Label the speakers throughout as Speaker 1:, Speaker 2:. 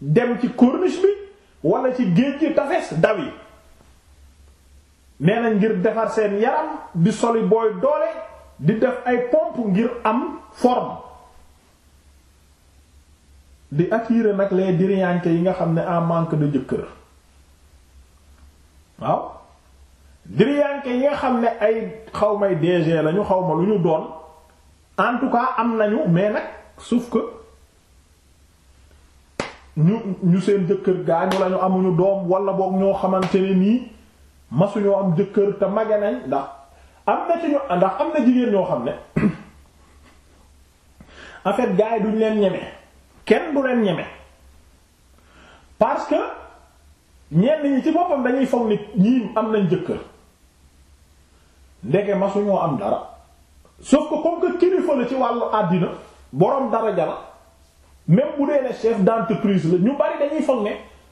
Speaker 1: dem ci corniche bi wala ci géej gi tafes daw yi nee na ngir defar seen yaram di soli booy doole di def ay pompe ngir am forme di attirer nag les diriyanke yi nga xam ne en manque de jëkkër waaw diriyanke yi nga xam ne ay xaw may DG lañu xaw ma lu ñu doon en tout cas am nañu mais nag sauf que ñu ñu seen jëkkër gaañu lañu amuñu doom wala boog ñoo xamante ne nii masuñoo am jëkkër te mage nañ ndax am na ci ñu ndax am na jigéen ñoo xam ne en fait gars yi duñ leen ñeme kenn du leen ñeme parce que ñenn ñi ci boppam dañuy foog ni ñii am nañ jëkkër ndeke masuñoo am dara sauf que comme que kilifa ci wàllu àddina boroom dara jala même bu dee ne chef d'entreprise la ñu bari dañuy foog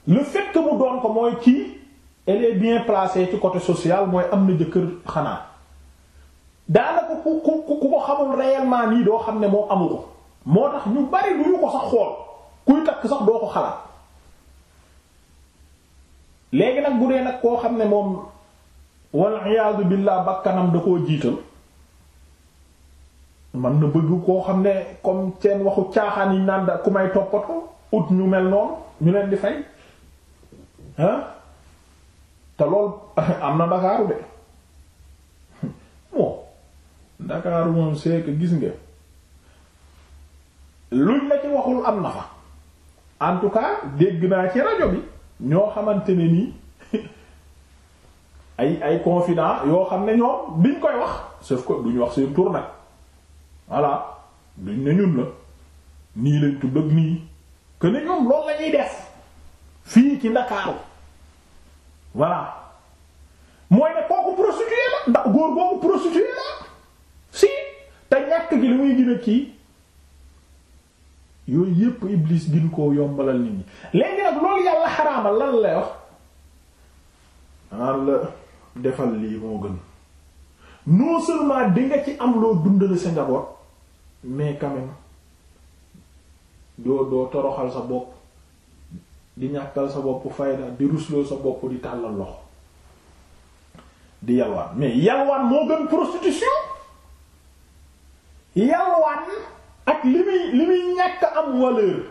Speaker 1: ne le fait mu doon ko mooy ci elle est bien placée ci côté social mooy am na jëkkër xanaa daanaka ku ku ku ko xamul réellement nii doo xam ne moo amu ko moo tax ñu bari du ñu ko sax xool kuy takk sax doo ko xalaat léegi nag bu dee nag koo xam ne moom wal iyaadu billah bakkanam da koo jiital. man na bëgg koo xam ne comme seen waxu caaxaan yi naan da ku may toppatoo ut ñu mel noonu ñu leen di fay ah te lool am na ndakaaru de bon ndakaaru moom c'est gis nga luñ la ci waxul am na fa en tout cas dégg naa ci rajo bi ñoo xamante ne nii ay ay confident yoo xam ne ñoom biñ koy wax sauf que duñ wax seen tur voilà duñ ne ñun la nii lañ tudd ak nii que ñoom loolu la ñuy def fii ci Ndakaaru voilà mooy ne kooku prostituée la ndax góor boobu prostituée la si te ñàkk gi li muy gën a kii yooyu yépp Iblis gin koo yombalal nit ñi a nag loolu yàlla xaraamal lan lay wax naan la defal lii moo gën non seulement di nga ci am loo dundale sa njaboot mais quand même doo doo toroxal sa bopp di ñàkkal sa bopp fayda di rusloo sa bopp di tàllal loxo di yalwaan mais yalwaan moo gën prostitution yalwaan ak li muy li muy ñàkk am valeur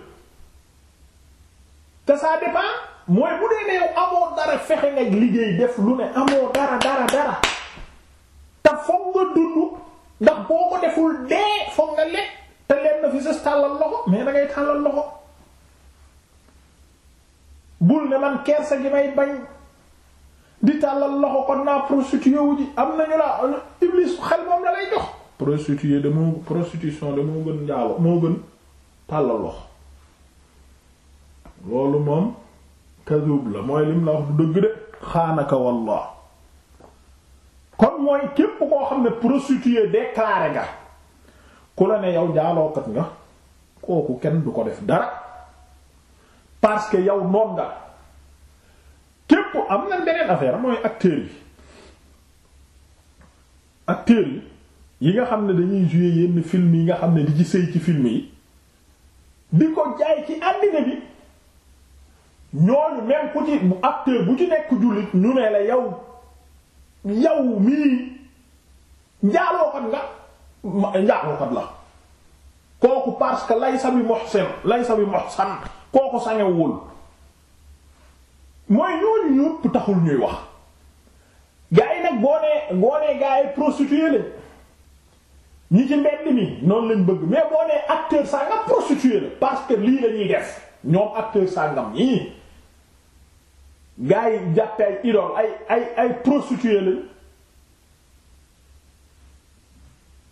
Speaker 1: te ça dépend mooy bu dee ne amoo dara fexe nga liggéey def lu ne amoo dara dara dara te foog nga dund ndax boo ko deful dee foog nga lekk te leen na fi sës tàllal loxo mais da ngay tàllal loxo bul ne man kersa gi may bañ di tàllal loxo kon naa prostitué wu ji am nañu la iblis xel moom la lay jox prostitué de moo prostitution gën njaalo moo gën tàllal loxo loolu moom kadub la mooy lim la wax du dëgg de xaanaka wallah kon mooy képp koo xam ne prostituée déclaré nga ku la ne yow njaalookat nga kooku kenn du ko def dara parce que yow noon nga képp am na beneen affaire mooy acteurs yi acteurs yi yi nga xam ne dañuy jouer yenn film yi nga xam ne di ci sëy ci film yi di ko jaay ci àddina bi ñooñu même ku ci bu acteur bu ci nekk jullit ñu ne la yow yow mii njaalookat nga njaalookat la kooku parce que laysa bi muhsin laysa bi muhsan kooku sangewul mooy ñooñu ñëpp taxul ñuy wax gaa yi nag boo nee boo nee gaa yi prostitué lañ ñi ci mbedd mi noonu lañ bëgg mais boo nee acteur sàngam prostitué la parce que lii lañuy def ñoom acteur sàngam ñii gaa yi jàppe ay idole ay ay ay prostituée lañ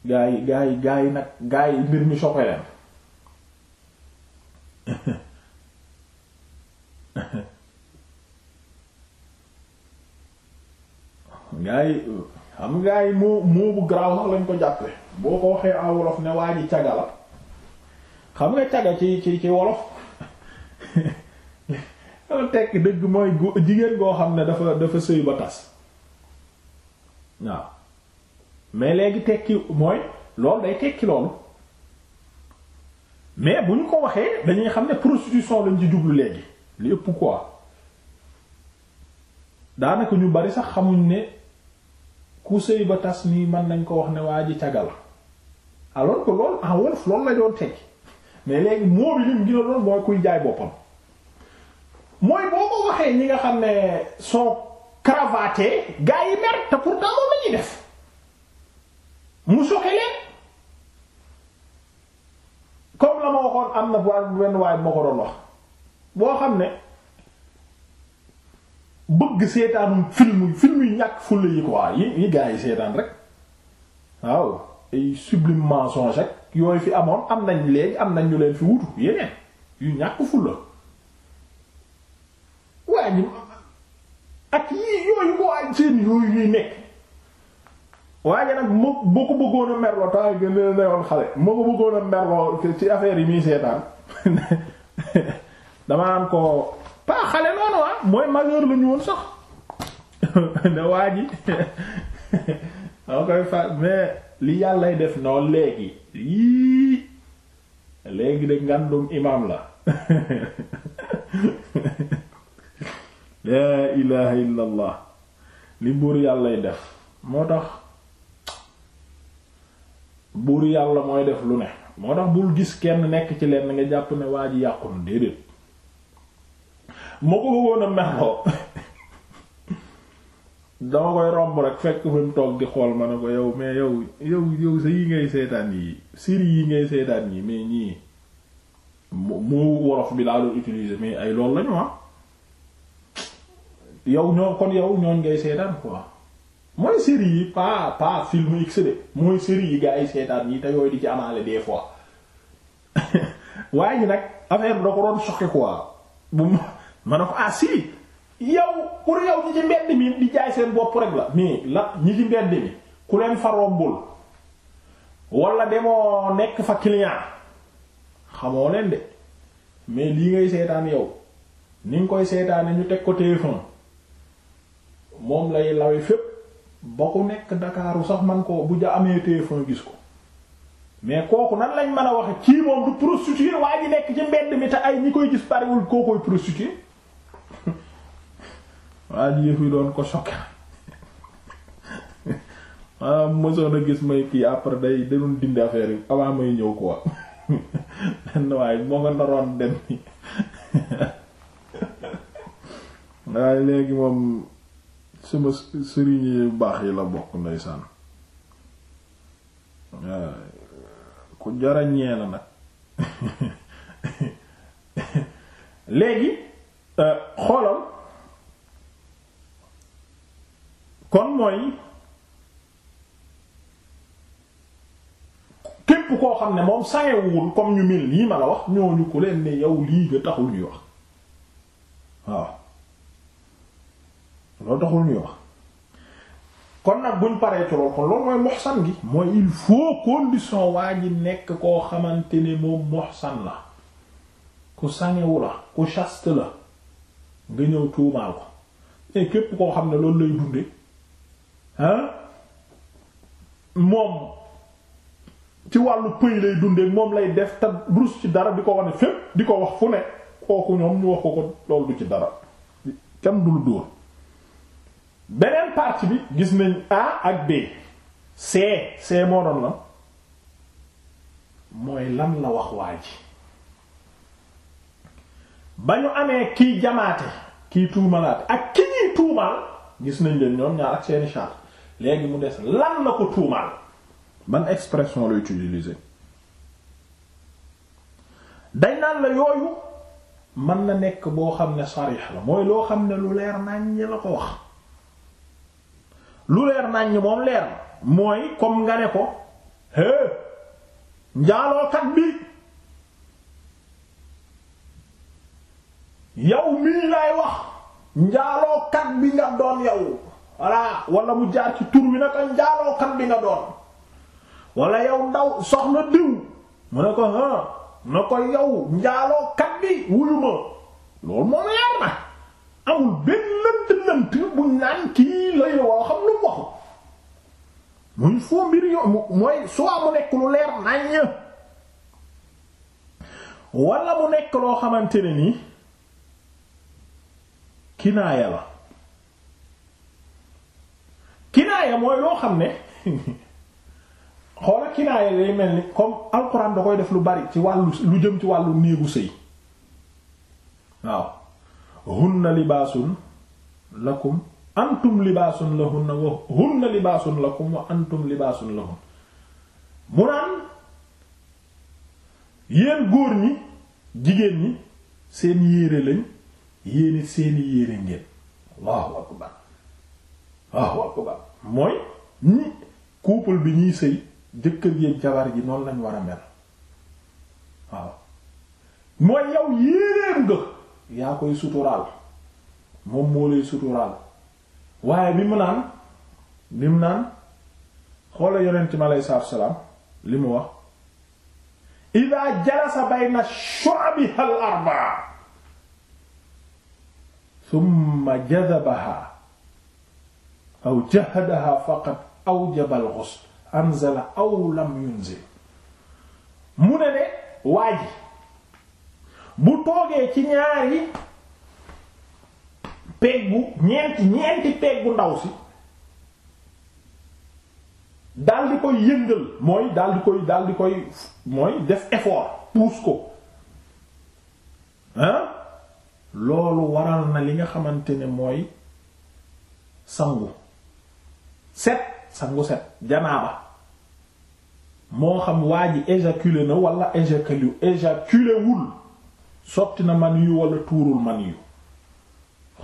Speaker 1: gaa yi gaa yi gaa yi nag gaa yi mbir mi choqué leen gaa yi xam gaa yi moo moo bu garaaw lañ ko jàppe boo ko waxee en wolof ne waa ji caga la xam nga caga ci ci ci wolof dama tekk dëgg mooy jigéen goo xam ne dafa dafa sëy ba tas waaw mais léegi tekki loolu day tekki mais bu ko waxee dañuy xam ne prostitution lañ ci jublu léegi li ëpp quoi daanaka ñu bari sax xamuñ ne ku sëy ba tas nii mën nañ ko wax ne waa ji cagal alors que loolu en wolof loolu la doon tekki mais léegi moo bi lim gi la mooy kuy jaay boppam mooy boo ko waxee ñi nga xam ne sont cravatés gars yi mer te pourtant moom la def mu soxe leen comme la ma waxoon am na benn waay bu ma ko doon wax boo xam ne bëgg seetaanum film film yu ñàkk fulla yi quoi yi yi gars yi seetaan rek waaw ay sublime mensonge rek yooyu fi amoon am nañ léegi am nañ ñu leen fi wutu yeneen yu ñàkk fulla xaajim ak yii yooyu boo ay seen yooyu yuy nekk waaye nag moo moo ko bëggoon a merloo ci affaire yi muy seetaan dama am ko pas xale noonu ah mooy majeur la woon sax ne waa ji dama koy fa mais li yàllay def noonu léegi yii léegi de ngandum imam la laa ilaha illa allah li buur yàllay def moo tax buur yàlla mooy def lu ne moo tax bul gis kenn nekk ci lenn nga jàpp ne waa ji yàqu na déedéet moo ko bëggoon a meloo dama koy romb rek fekk fi mu toog di xool ma ne ko yow mais yow yow yow yi ngay seetaan yi série yi ngay seetaan yi mais ñii moo wolof bi laa doon utiliser mais ay loolu lañu wax ah. yow ñoo kon yow ñooñ ngay seetaan quoi mooy série yi pas pas film x de mooy série yi gaa yi seetaan yi te yooyu di ci amaale des fois waaye ñi nag affaire bi da ko doon choqué quoi bu ma ne ko ah si yow pour yow ñi ci mbedd mi di jaay seen bopp rek la mais la ñi ci mbedd mi ku leen farombul wala demoo nekk fa client xamoo leen de mais lii ngay seetaan yow ni koy seetaane ñu teg ko téléphone moom lay lawe fépp ba ku nekk ndakaaru sax man ko bu ja amee téléphone gis ko mais kooku nag lañ mën a waxe ci moom du prostitué waa ji nekk ci mbedd mi te ay ñi koy gis bariwul koo koy prostitué waa ji yëf yi doon ko choqué ah mosoon a gis may kii après day danoon dindi affaire yi avant may ñëw quoi benn waaye moo nga naroon dem ni waaye léegi moom sama sëriñ yu baax yi la bokk ndeysaan ku jarañee na nag léegi euh, xoolal kon mooy képp koo xam ne moom sayewul comme ñu mel nii ma la wax ñooñu ku leen ne yow lii nga taxul ñuy wax waaw loolu taxul ñuy wax kon nag buñ paree ci kon loolu mooy moxsan gi mooy il faut condition waa ji nekk koo xamante ne moom moxsan la ku sangewu la ku chaste la nga ñëw tuumaal ko képp koo xam ne loolu lay dunde ah moom ci wàllu pëy lay dunde moom lay def ta brus ci dara di ko wane fépp di ko wax fu ne kooku ñoom ñu wax ko ko loolu ci dara kenn du dóor beneen partie bi gis nañ A ak B C C moo la mooy lan la wax waaj ba ñu amee kiy jamaate kiy tuumalaate ak ki ñuy tuumaal gis nañ leen ñoom ñaar ak seeni charte léegi mu des lan la ko tuumaal ban expression la utiliser dañ naan la yooyu man na nekk boo xam ne sarix la mooy loo xam ne lu leer nañ la ko wax lu leer naññ moom leer mooy comme nga ne ko hé njaalookat bi yow wax njaalookat bi nga doon yow walla wala mu jaar ci tur wi naka njaalookat bi nga doon wala yow ndaw soxna diw mu ne ko ha mu ko yow njaalookat bi wuyu ma loolu moom leer na amul benn lënt lënt buñ naan kii lay woo xam mu foo mbir yo mooy soit mu nekk lu leer naññ wala mu nekk loo xamante ne ni kinaaya la kinaaya mooy loo xam ne xoola kinaaya lay mel ni comme alxuraan da koy def lu bari ci wàllu lu jëm ci wàllu néegu sëy waaw hunna libaasun lakum antum libaasun lahunna wa hunna libaasun lakum wa antum libaasun lahun mu naan yéen góor ñi jigéen ñi seen yéere lañ yéenit seeni yéere ngeen Allahu akbar Allahu akbar mooy ñi couple bi ñuy sëy jëkkër ji jabar ji noonu lañ war a mel waaw mooy yow yéereem nga yaa koy suturaal moom moo lay suturaal waaye bi mu naan bi mu naan xoola yonent mi aleyhi salaatu wa salaam li mu wax ida jalasa bayna shu'abiha al arba'a thumma jadhabaha aw jahadaha faqad awjaba al ghusl anzala aw lam yunzil mu ne ne waa ji bu toogee ci ñaari peggu ñeenti ñeenti peggu ndaw si daal di koy yëngal mooy daal koy daal koy mooy def effort pousse ko hein loolu waral na li nga xamante ne mooy sangu set sangu set janaaba moo xam waa ji éjaculé na wala éjaculé éjaculé wul sotti na man yu wala tuurul man yu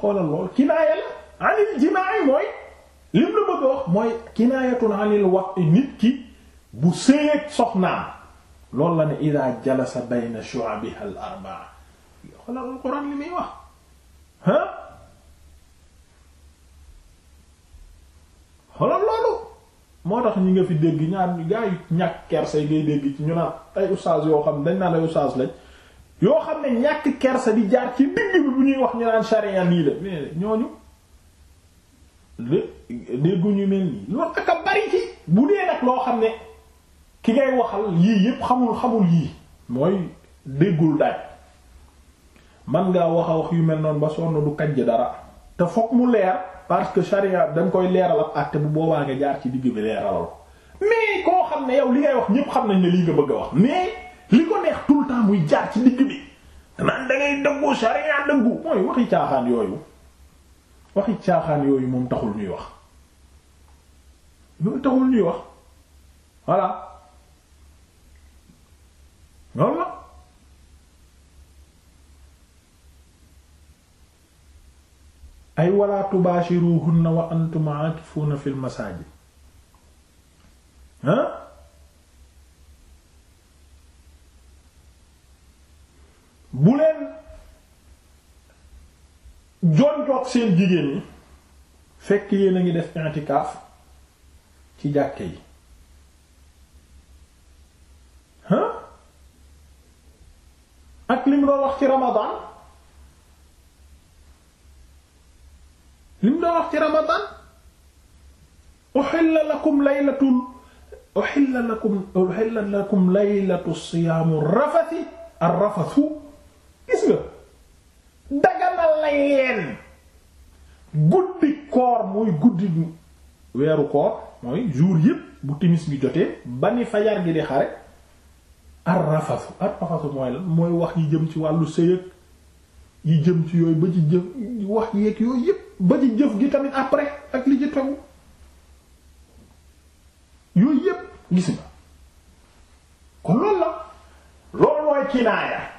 Speaker 1: xoolal lool kinaaya anil jimaay mooy lim la bëgg a wax mooy kinaayatun anil waqti nit ki bu séyeeg soxnaam loolu la ne ida jalasa bayna shu'abiha al arba'a xoolal alquran li muy wax ah xoolal loolu moo tax ñi nga fi dégg ñaar ñu gaa yu ñàkk kersay ngay dégg ci ñu naan ay ustaas yoo xam dañ naan ay ustaas lañ yoo xam ne ñàkk kersa di jaar ci digg bi bu ñuy wax ñu naan charia lii la mais ñooñu dégguñu mel nii loolu ak bari ci bu dee nag loo xam ne ki ngay waxal yii yépp xamul xamul yii mooy déggul daaj man ngaa wax a wax yu mel noonu ba sonn du kajj dara te fokk mu leer parce que charia dañ koy leeral ak àtte bu boobaa nga jaar ci digg bi leeralal mais koo xam ne yow li ngay wax ñépp xam nañ ne lii nga bëgg a wax mais li ko neex tout muy jaar ci digg bi naan da ngay dëggu sharia dëggu mooy waxi caaxaan yooyu waxi caaxaan yooyu moom taxul ñuy wax yooyu taxul ñuy wax voilà loolu la ay wala tubashiruhunna wa antum aakifuuna fil masaajid ha bu leen jonjoog seen jigéen ñi fekk yéen a ngi def intikaaf ci jàkke yi hein ak li mu doon wax ramadan li mu doon wax ramadan uhilla lakum laylatul uhilla lakum uhilla lakum laylatu may guddi koor mooy guddi weeru koor mooy jour yépp bu timis gi jotee ba ni fajar gi di xare ar rafasu mooy mooy wax yi jëm ci wàllu sëyëg yi jëm ci yooyu ba ci jëf wax yeeg yooyu yépp ba ci jëf gi tamit après ak li ci yooyu yépp gis kon loolu la loolu mooy kinaaya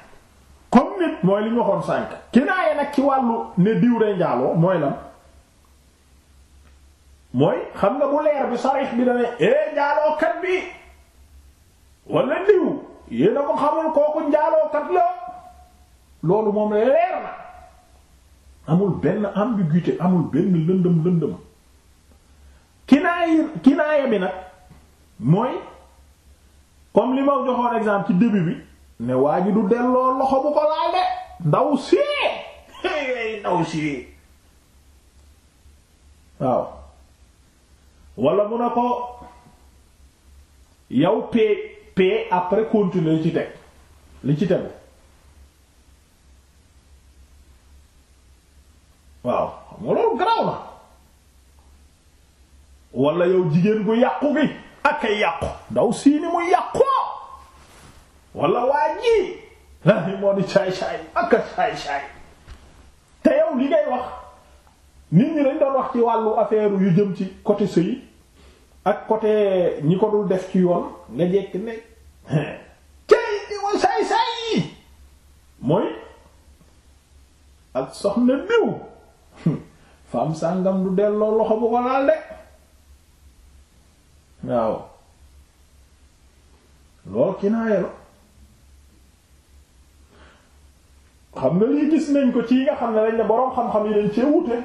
Speaker 1: nit mooy li ñu waxoon sànk kinaaye nag ci wàllu ne diw day njaaloo mooy lan mooy xam nga bu leer bi sarix bi dane eh njaalookat bi wala diw yéen ko xamul kooku njaalookat la loolu moom leer na amul benn ambiguïté amul benn lëndëm lëndëm kinaaye kinaaye bi nag mooy comme li ma joxoon exemple ci début bi ne waa ji du delloo loxo bu ko laal de ndaw si ndaw si waaw wala mu ne ko yow pee pee après continuer ci teg li ci tegu waaw xam loolu garaaw na wala yow jigéen gu yàqu gi ak yàqu ndaw sii ni mu yàqu wala waa ji ai moo di saay-saay ak saay-saay te yow li ngay wax nit ñi dañ doon wax ci wàllu affaire yu jëm ci côté sëy ak côté ñi ko dul def ci yoon nga jekk ne cay yi mooy ak soxna diw fam sàngam du delloo loxo bu ko laal de waaw loolu kinaaya la xam nga lii gis nañ ko ci yi nga xam ne dañ ne boroom xam-xam yi dañ cee wute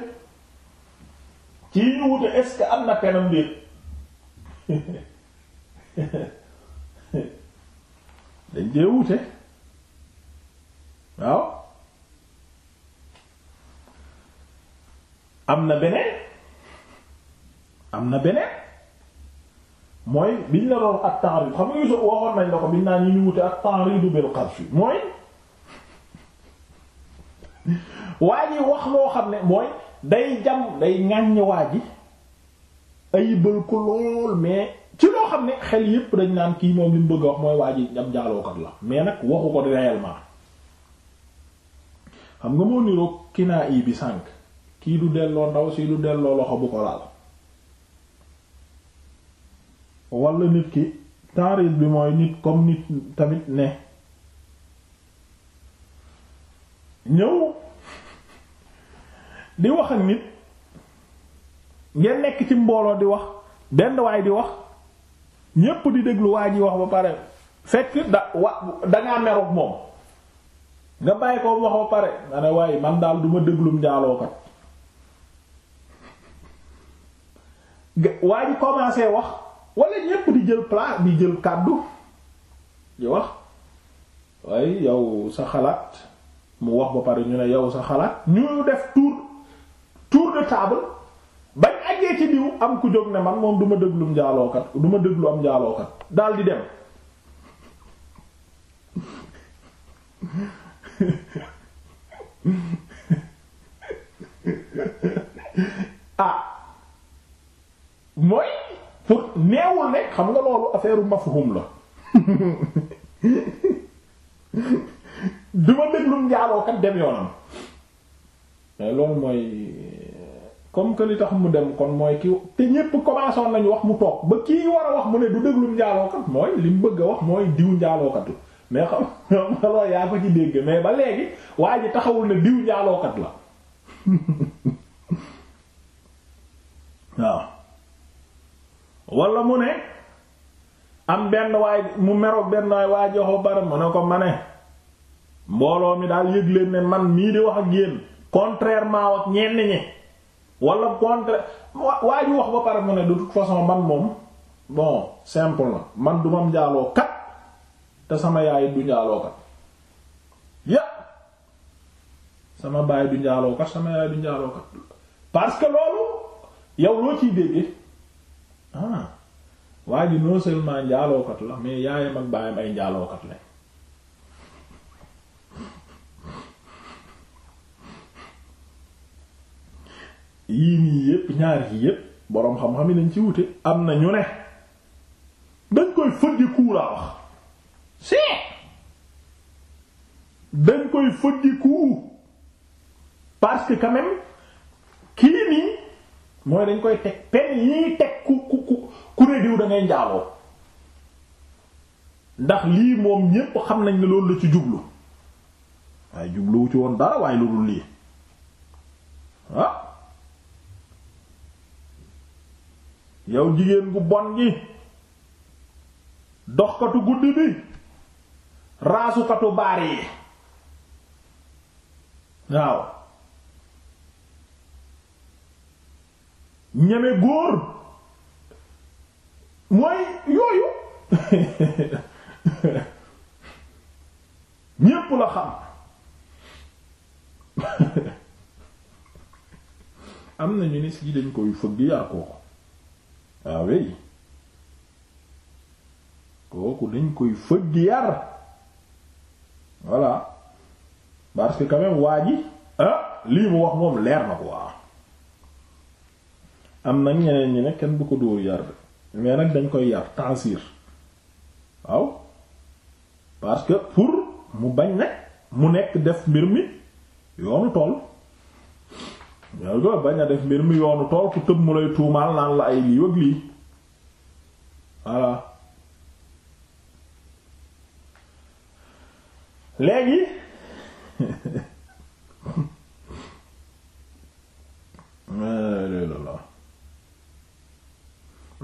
Speaker 1: ci ñu wute est am na penam déet dañ cee wute waaw am na beneen am na beneen mooy biñ la doon at-ta'rid xam nga waxoon nañ la ko biñ naa ñu wute at-ta'rid bil qadfi mooy waa ji wax loo xam ne mooy day jam day ŋàññ waa ji ayibal ko lool mais ci loo xam ne xel yépp dañ naan kii moom li mu bëgg a wax mooy waa ji jam la mais nag waxu ko réellement xam nga moo niroog kinaa yi bi sànk kii du delloo ndaw si du delloo loxo bu ko laal walla nit ki taarif bi mooy nit comme nit tamit ne ñëw di wax ak nit ngeen nekk ci mbooloo di wax benn waay di wax ñépp di déglu waa ji wax ba pare fekk da wa dangaa meroog moom nga bàyyi ko wax ba pare nga ne waaye man daal duma ma déglum njaalookat waa ji commencé wax walla ñépp di jël place di jël kàddu di wax waaye yow sa xalaat mu wax ba pare ñu ne yow sa xalaat ñu def tour tour de table bañ àggee ci diw am ku jóg ne man moom du ma déglu njaalookat du ma déglu am njaalookat daal di dem ah mooy pour neewul ne xam nga loolu affaire mafhum la du ma déglum njaalookat dem yoonam mais loolu mooy comme que li tax mu dem kon mooy ki te ñépp commencé woon nañu wax mu toog ba kii war a wax mu ne du déglu njaalookat mooy li mu bëgg a wax mooy diw njaalookatu mais xam nga loolu mais ba léegi waa ji taxawul ne diw njaalookat la waaw wala mu ne am benn waay mu mero benn waay waa joxo bara mu ne ko ma ne mbooloo mi daal yëg ne man mii di wax ak yéen contrairement ak ñenn ñi wala contre waa ji wax ba pare mu ne de toute façon man moom bon simple na man du mam njaaloo kat te sama yaay du njaaloo kat ya sama baay du njaaloo kat sama yaay du njaaloo kat parce que loolu yow loo ciy déggee ah! waa ji noo seulement njaaloo kat la mais yaayam ak baayam ay njaaloo kat la yii nii yépp ñaari yi yépp boroom xam-xam yi nañ ci wute am na ñu ne dañ koy fëddi ku laa wax si dañ koy fëddi ku parce que quand kii nii mooy dañ koy teg pen yi teg ku ku ku ku ne diw da njaaloo ndax lii moom ñépp xam nañ ne loolu la ci jublu waaye jubluwu ci woon dara waaye lu lii ah yow jigéen gu bon gi doxkatu guddi bi raasukatu baar yi waaw ñeme góor mooy ñépp la xam am na ñu ne si dañ koy fëgg yaa ko waawéy ah kooku dañ koy fëgg yar voilà parce que quand même waa ji ah lii mu wax moom leer na ko waa am nag ñeneen ñi ne kenn bu ko dóor yar bi mais nag dañ koy yar tansir waaw parce que pour mu bañ nag mu nekk def mbir mi yoonu tool ñoo ko bañ a def mbir mi yoonu tool ku tëb mu lay tuumaal naan la ay lii wëg lii voilà léegi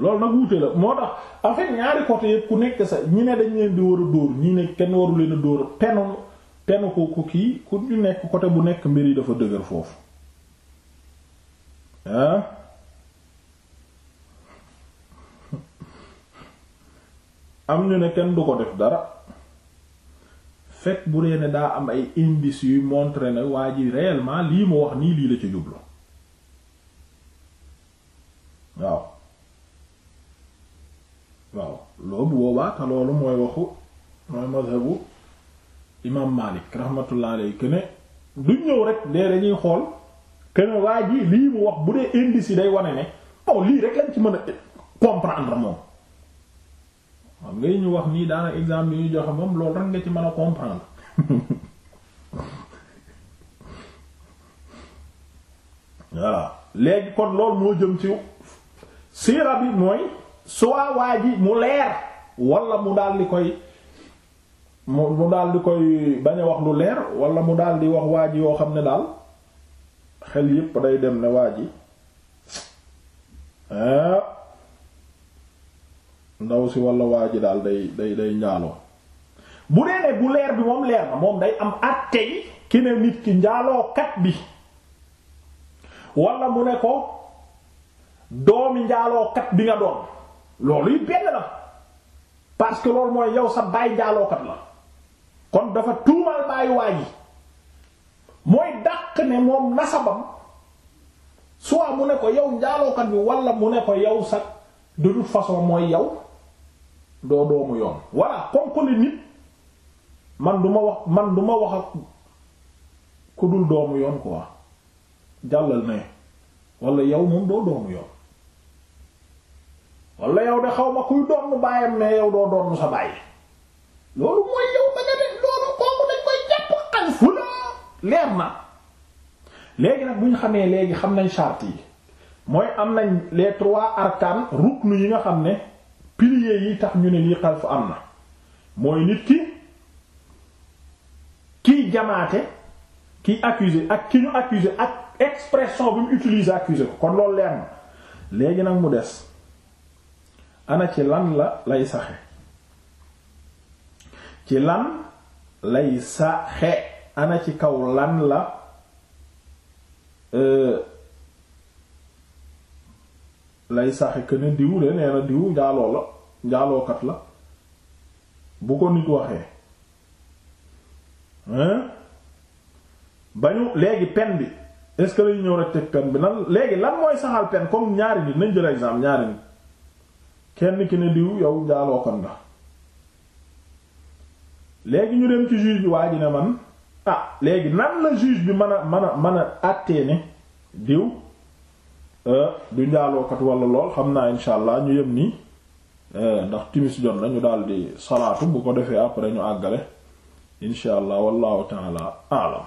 Speaker 1: loolu nag wuute la moo tax en ñaari côté yëpp ku nekk sa ñi ne dañ leen di war a dóor ñi ne kenn waru leen a dóor penu penu ko kii ku ñu nekk côté bu nekk mbir yi dafa dëgër foofu ah am ñu ne kenn du ko def dara fekk bu dee ne daa am ay indices yuy montre ne waa ji réellement lii mu wax nii lii la ci jublu waaw waaw loolu bu loolu mooy waxu mooy mazhabu imaam Maalik rahmatullah ne duñ ñëw rek dee dañuy xool kene waa ji lii mu wax bu dee indice yi day wane ne bon lii rek lañ ci mën a comprendre moom xam ngay ñu wax nii daana exemple yi ñu joxe moom loolu rek nga ci mën a comprendre voilà léegi kon lool moo jëm ci siira bi mooy soit waa ji mu leer walla mu daal di koy mu daal di koy bañ a wax lu leer wala mu daal di wax waa ji yoo xam ne daal xel yépp day dem ne waa ji ah, ndaw si walla waa ji daal day day day njaaloo bu dee ne bu leer bi moom leer na moom day am àtte yi ki ne nit ki njaalookat bi walla mu ne ko doomi njaalookat bi nga doon loolu yi benn la parce que loolu mooy yow sa baay njaalookat la kon dafa tuumal baayu waa mooy dàq ne moom nasabam soit mu ne ko yow njaalookat bi wala mu ne ko yow sax de toute façon mooy yaw doo doomu yoon voilà comme nit man du ma wax man du wax ak ku dul doomu yoon quoi jàllal ne wala yow moom doo doomu yoon wala yow de xaw ma kuy doon baayam mais yow doo doon sa baay loolu mooy leer na léegi nag xamee léegi xam nañ charte yi mooy am nañ les trois arcanes ruknu yi nga xam ne piliers yi tax ñu ne lii xalfu am na mooy nit ki kiy jamaate kiy ak ki ñu ak expression bi mu kon loolu leer léegi nag mu des ana ci lan la lay saxe ci lan lay saxe ana ci kaw lan la euh, lay saxe que ne diw de nee diw njaaloo la njaalookat la bu ko nit waxee bañu léegi pen bi est-ce que lañu ñëw rek teg pen bi lan léegi lan mooy saxal pen comme ñaari nit nañ jël exemple ñaari nit kenn ki ne diw yow njaalookat la léegi ñu dem ci juge bi waa man ah léegi nan la juge bi mën a mën a mën a àttee diw euh, du njaalookat wala lool xam naa insha allah ñu yem nii euh, ndax timis jot na ñu daal di salaatu bu ko defee après ñu àggale insha allah wallahu taala aalam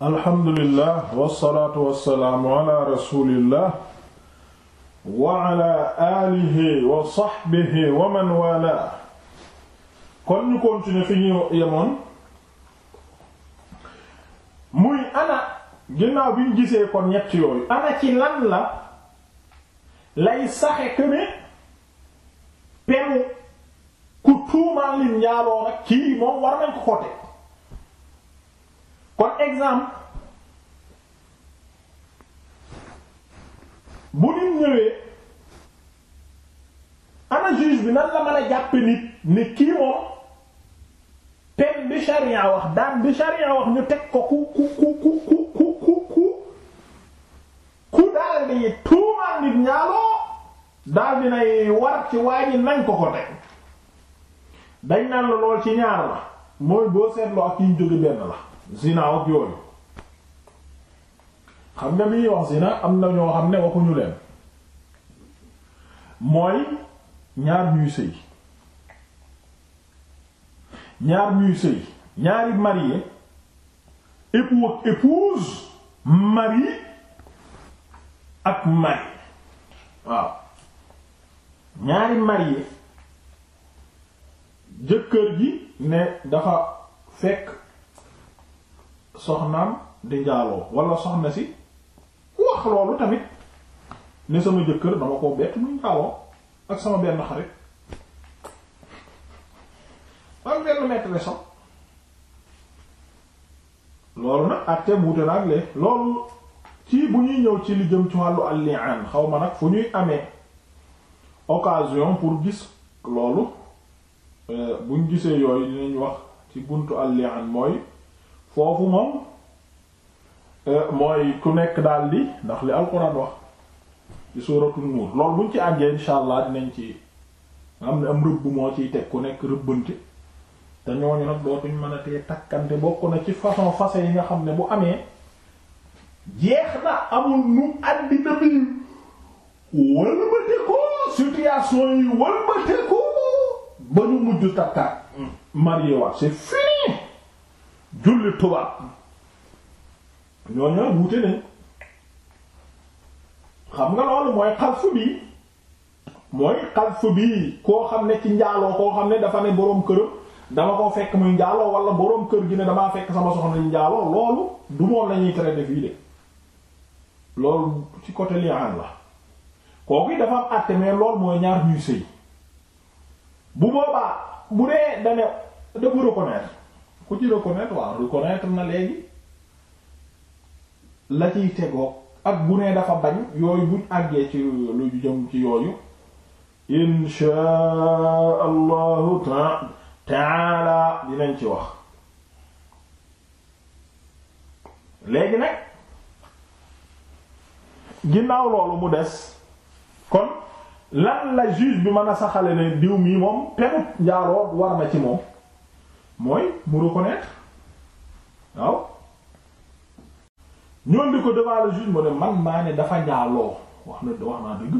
Speaker 1: alhamdulillah wassalaatu wassalaamu alihi wa sahbihi wa man wala kon ñu continuer fi ñu yemoon muy ana ginnaaw bi ñu gisee kon ñett yooyu ana ci lan la lay saxe que ne ku tuumaal lim njaaloo nag kii moom war nañ ko kon exemple bu nit ñëwee ana juge bi nan la mën a jàppe nit ne kii moom peine bi charia wax daan bi charia wax ñu teg ko ku ku ku ku ku ku ku ñaaloo daal dinay war ci waa nañ ko ko teg dañ naan la lool ci ñaar la mooy boo seetloo ak yi ñu jóge benn la zina ak yooyu xam nga miy wax zina am na ñoo xam ne waxuñu leen mooy ñaar ñuy sëy ñaar ñuy sëy ñaari marié époux ak épouse mari ak mari waaw ñaari marié jëkkër ji ne dafa fekk soxnaam di njaaloo wala soxna si wax loolu tamit ne sama jëkkër dama ko bett muy njaaloo ak sama benn xarit kilomètre leçon loolu nag atte wuute nag le loolu ci bu ñuy ñëw ci li jëm ci wàllu al-li'an xaw ma nag fu ñuy amee occasion pour gis loolu euh, buñ gisee yooyu dinañ wax ci buntu al-li'an mooy foofu moom euh, mooy ku nekk daal di ndax li alquran wax ci suuratul nuur loolu buñ ci àggee insha allah dinañ ci am xam ne am rëbb moo ciy teg ku nekk rëbbante te ñooñu nag dootuñ mën a tee takkante bokk na ci façon façon yi nga xam ne bu amee jeex na amul nu àddina bi wëlbatiku situation yi wëlbatiku ba ñu mujj takkaat marié wa c'est fini julli tubaab ñooñu nag wuute nañ xam nga loolu mooy xalfu bi mooy xalfu bi koo xam ne ci njaaloo koo xam ne dafa ne boroom këram dama koo fekk muy njaaloo wala boroom kër gi damaa fekk sama soxna ñu njaaloo loolu du moom lañuy traité fii de loolu ci côté li'aan la kooku dafa àtte mais loolu mooy ñaar ñuy sëy bu boobaa bu dee dane da ko reconnaître ku ci reconnaître waaw reconnaître na léegi la ciy tegoo ak bu nee dafa bañ yooyu buñ àggee ci lu jëm ci yooyu insha allahu taala taala dinañ ci wax léegi nag ginnaaw loolu mu des kon lan la juge bi mën a saxale ne diw mii moom penu njaaloo war na ci moom mooy mu reconnaître waaw ñoon di ko devant le juge mu man maa ne dafa njaaloo wax na wax naa dëgg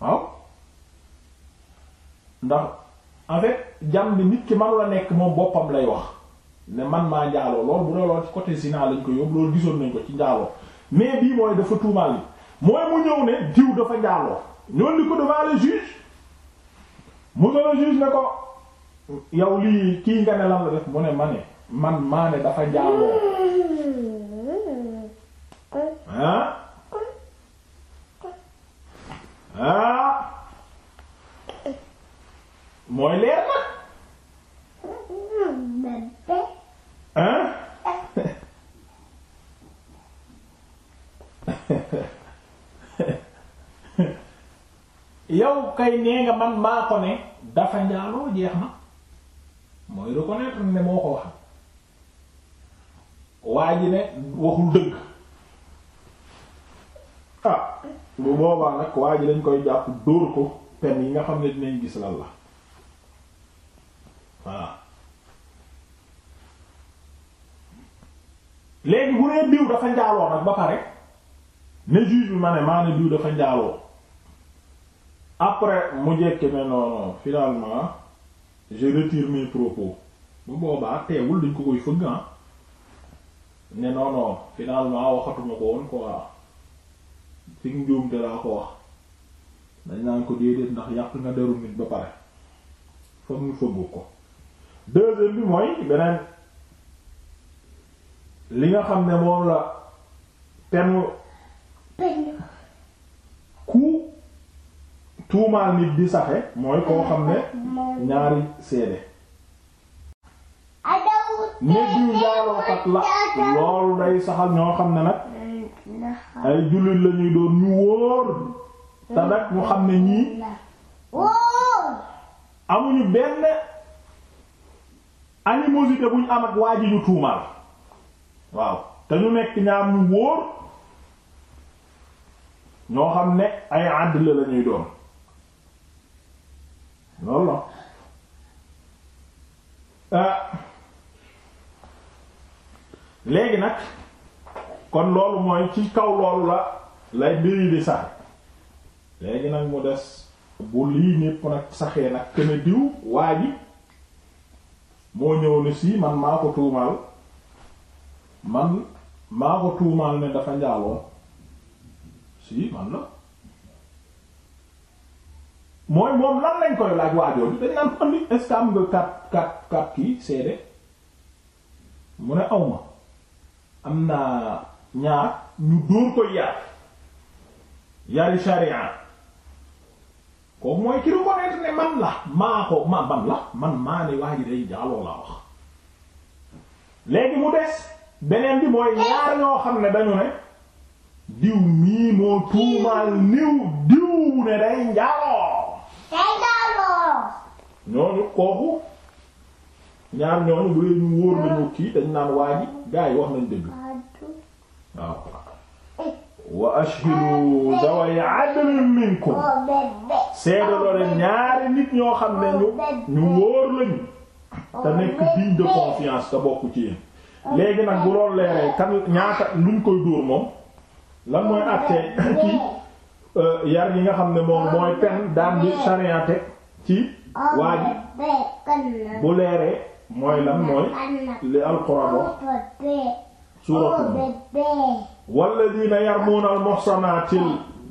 Speaker 1: waaw ndax en fait jàmm bi nit ki man la nekk moom boppam lay wax ne man maa njaaloo lool bu dee lool ci côté si lañ ko yóbbu loolu gisoon nañ ko ci njaaloo mais bii mooy dafa tuumaal li mooy mu ñëw ne diw dafa njaaloo ñoon li ko devant le juge mu ne le ne ko yow lii kii nga ne lan la def mu ne ma man maa dafa njaaloo ah ah mooy leer na hein yow kay nee nga man maa ko ne dafa njaaloo jeex na mooy reconnaître ne moo ko wax waa ne waxul dëgg ah bu boobaa nag waa dañ koy jàpp dóor ko pen yi nga xam ne dinañ gis lan la voilà ah. léegi bu nee diw dafa njaaloo nag ba pare ne juge bi ma ne maa ne diw dafa njaaloo après mu jekke ne non non finalement je retire mes propos bu boobaa teewul dañ ko koy fëgg ah ne non non finalement waxatuma ko woon quoi fi njuum te laa ko wax dañ naan ko déedéet ndax yàq nga deru nit ba pare foog ñu fëggu ko deuxième bi mooy beneen li nga xam ne moom la temu ku tuumaal nit di saxe mooy koo xam ne ñaari seede ne diw njaalookat la loolu day saxal ñoo xam ne nag ay jullit lañuy doon ñu wóor te nag ñu xam ne ñii amuñu benn animosité bu ñu am ak waa ji ñu tuumaal waaw te ñu nekk ñaar ñu wóor ñoo xam ne ay àddla la ñuy doon loolu la ah. léegi nag kon loolu mooy ci kaw loolu la lay biri di sax léegi nag mu des bu lii népp nag saxee nag kën diw waa ji moo ñëw ni si man maa ko tuumaal man maa ko tuumaal ne dafa njaaloo si man la mooy moom lan lañ koy laaj waajoo bi am nga quatre quatre quatre kii seede mu ne awma am naa ñaar ñu dóor ko yar yari kooku mooy ki reconnaître ne man la maa ma man la man maa ne waa ji day jaaloo laa wax léegi mu beneen bi mooy ñaar ñoo xam ne dañu ne diw mii moo tuumaal niw diw ne day njaaloo day njaaloo ñooñu kooku ñaar ñooñu bu dee ñu wóor lañu kii dañ naan waa ji gaa yi wax nañ dëgg waaw wa ashhidu zaway adlin minkum seedaloo leen ñaari nit ñoo xam ne ñu ñu wóor lañu te nekk digne de confiance te bokk ci léegi nag bu loolu leeree kan ñaata luñ koy dóor moom lan mooy àttee ci euh, yar yi nga xam ne moom mooy pen daan bi sharia ci waa ji bu leeree mooy lan mooy li alxuraan wax suuratul walladina yarmuuna al muhsanaati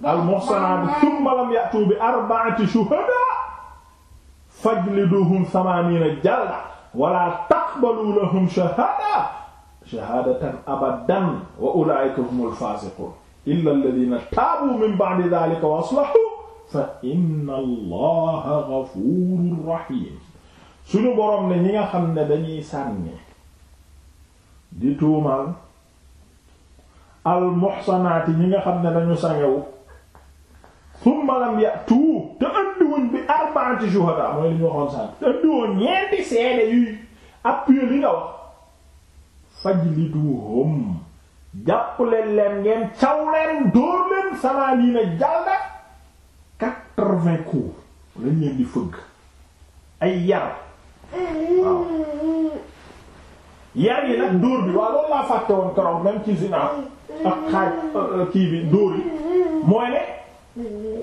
Speaker 1: al muhsanaati thumma lam ya'tu bi arba'ati shuhadaa fajliduhum thamaaniina jalda wala taqbalu lahum shahaada shahaadatan abadan wa ulaa'ika humul faasiquun illa alladina taabu min ba'di dhaalika wa aslahu fa inna allaha ghafuurun rahiim suñu boroom ne ñi nga xam ne dañuy sànni di tuumal al muhsanaati ñi nga xam ne lañu sangewu thumma lam ya'tu te andiwoon bi arba'ati shuhada mooy li ñu waxoon sànq te andiwoon ñeenti seede yuy appuyer li nga wax fajliduhum jàpp leen leen ngeen caw leen dóor leen samaaniina jalda quatre-vingts coups lañ leen di fëgg ay yar yar yi nag dóor bi waaw loolu laa fàtte woon keroog même ci zina ak euh, kii bi dóor yi mooy ne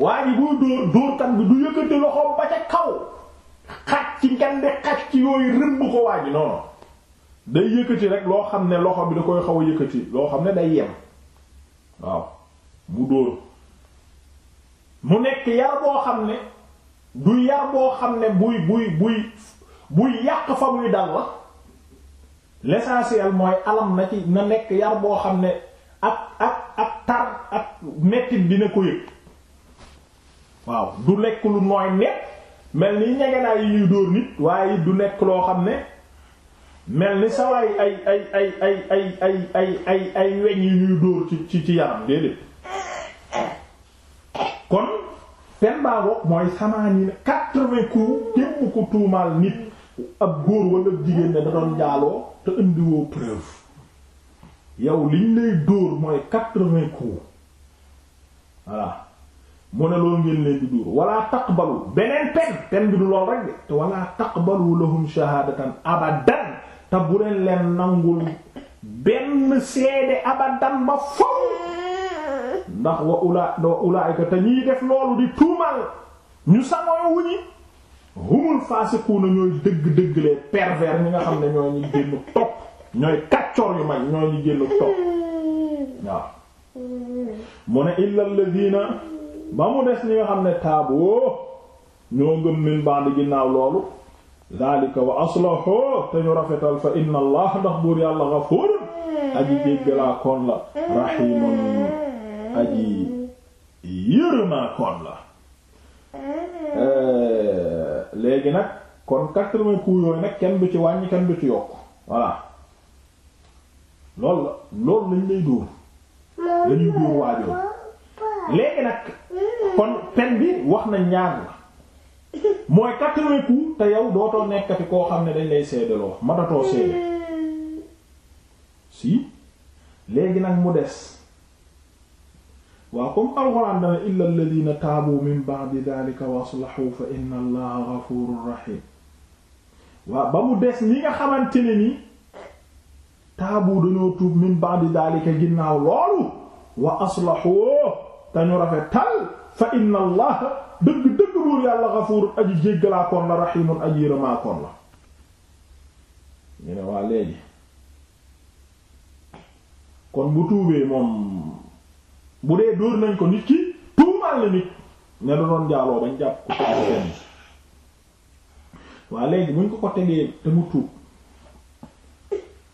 Speaker 1: waa buy dóor dóorkat bi du yëkkati loxoom ba ca kaw xaj ci ngande xaj ci yooyu rëbb ko waa ji day yëkkati rek loo xam ne loxo bi da koy xaw a yëkkati loo xam ne day yem waaw bu dóor mu nekk yar boo xam ne du yar boo xam ne buy buy buy buy yàq fa muy dal la l'essentiel mooy alam na ci na nekk yar boo xam ne ak ak ak tar ak mettit dina ko yëg waaw du lekk lu nooy nekk mel ni ñegenaay yi ñuy dóor nit waaye du nekk loo xam ne mel ni sawaay ay ay ay ay ay ay ay ay ay weñ yi ñuy dóor ci ci ci yaram déedéet kon pen baa mooy samaani quatre-vingts coups képp ko tuumaal nit ab góor wala jigéen ne da doon jaaloo te indiwoo preuve yow liñ lay dóor mooy quatre-vingts coups voilà mu ne loolu ngeen leen di dóor wala taqbalu beneen pen pen bi du lool rek de te wala taqbalu lahum shahadatan abadan te bu leen leen nangul benn seede abadan ba foofu ndax wa ula wa ulaayka te ñiy def loolu di tuumal ñu samoy wuñi humul faasiquna ñooy dëgg-dëgg les ñi nga xam ne ñoo ñu génn topp ñooy kaccoor yu mag ñoo ñu génn topp waaw mu ne illa alladhina ba mu des ñi nga xam ne taaboo ñoo ngëm min ba'd ginnaaw loolu daalika wa aslahu te ñu rafetal fa inna allah ndax buur yàlla ghafuur aji jéggalaa la rahimun aji yërëmaa la léegi nag kon quatre-vingts yooyu nag kenn bu ci wàññi kenn du ci yokk voilà lool la loolu lañ lay dóor lañuy dóor waajoo léegi nag kon pen bi wax na ñaar la mooy quatre-vingts coups te yow dootoo nekkati koo xam ne dañ lay seedaloo matatoo seede hmm. si léegi nag mu des waaw comme alxuraan dana illa alladina taabu min ba'di dhalika wa aslahu fa inna allaha ghafurur rahim nga xamante ni taabu dañoo tuub min ba'di dhalika ginnaaw loolu wa aslahu dañu rafetal fa inna allaha dëgg-dëgg buur yàlla ghafurun aji jéggalaakoon la rahimun aji yërëmaakoon la ñu ne waa kon bu tuubee moom bu dee dóor nañ ko nit ki tuumal la nit ne da doon jaaloo bañ jàpp ko tegu fenn waa léegi buñ ko ko tegee te mu tuub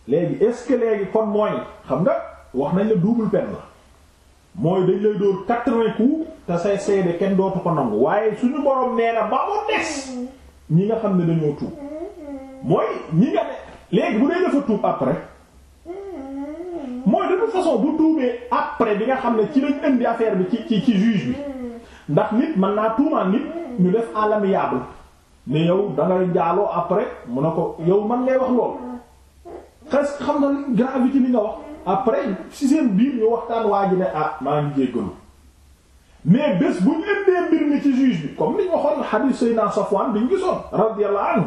Speaker 1: léegi est-ce que kon mooy xam nga wax nañ la double peine la mooy dañ lay dóor quatre-vingts coups te say seede kenn dootu ko nangu waaye suñu borom nee na ba mu des ñi nga xam ne dañoo tuub mooy ñi nga léegi bu dee dafa tuub après. mooy de toute façon bu tuumee après bi nga xam ne ci lañ indi affaire bi ci ci ci juge bi mm. ndax nit mën naa tuumaan nit mm. ñu def à l'amiable ne yow da ngay jaaloo après mu ne ko yow man ngay wax lool xes mm. xam nga gravité li nga wax après si seen biir ñu waxtaan waa ji ne ah maa ngi jéggalu mais bés bu ñu indee mbir mi ci juge bi comme ni ñu waxoon xadiis Seydina Safwan bi ñu gisoon radiyallahu anhu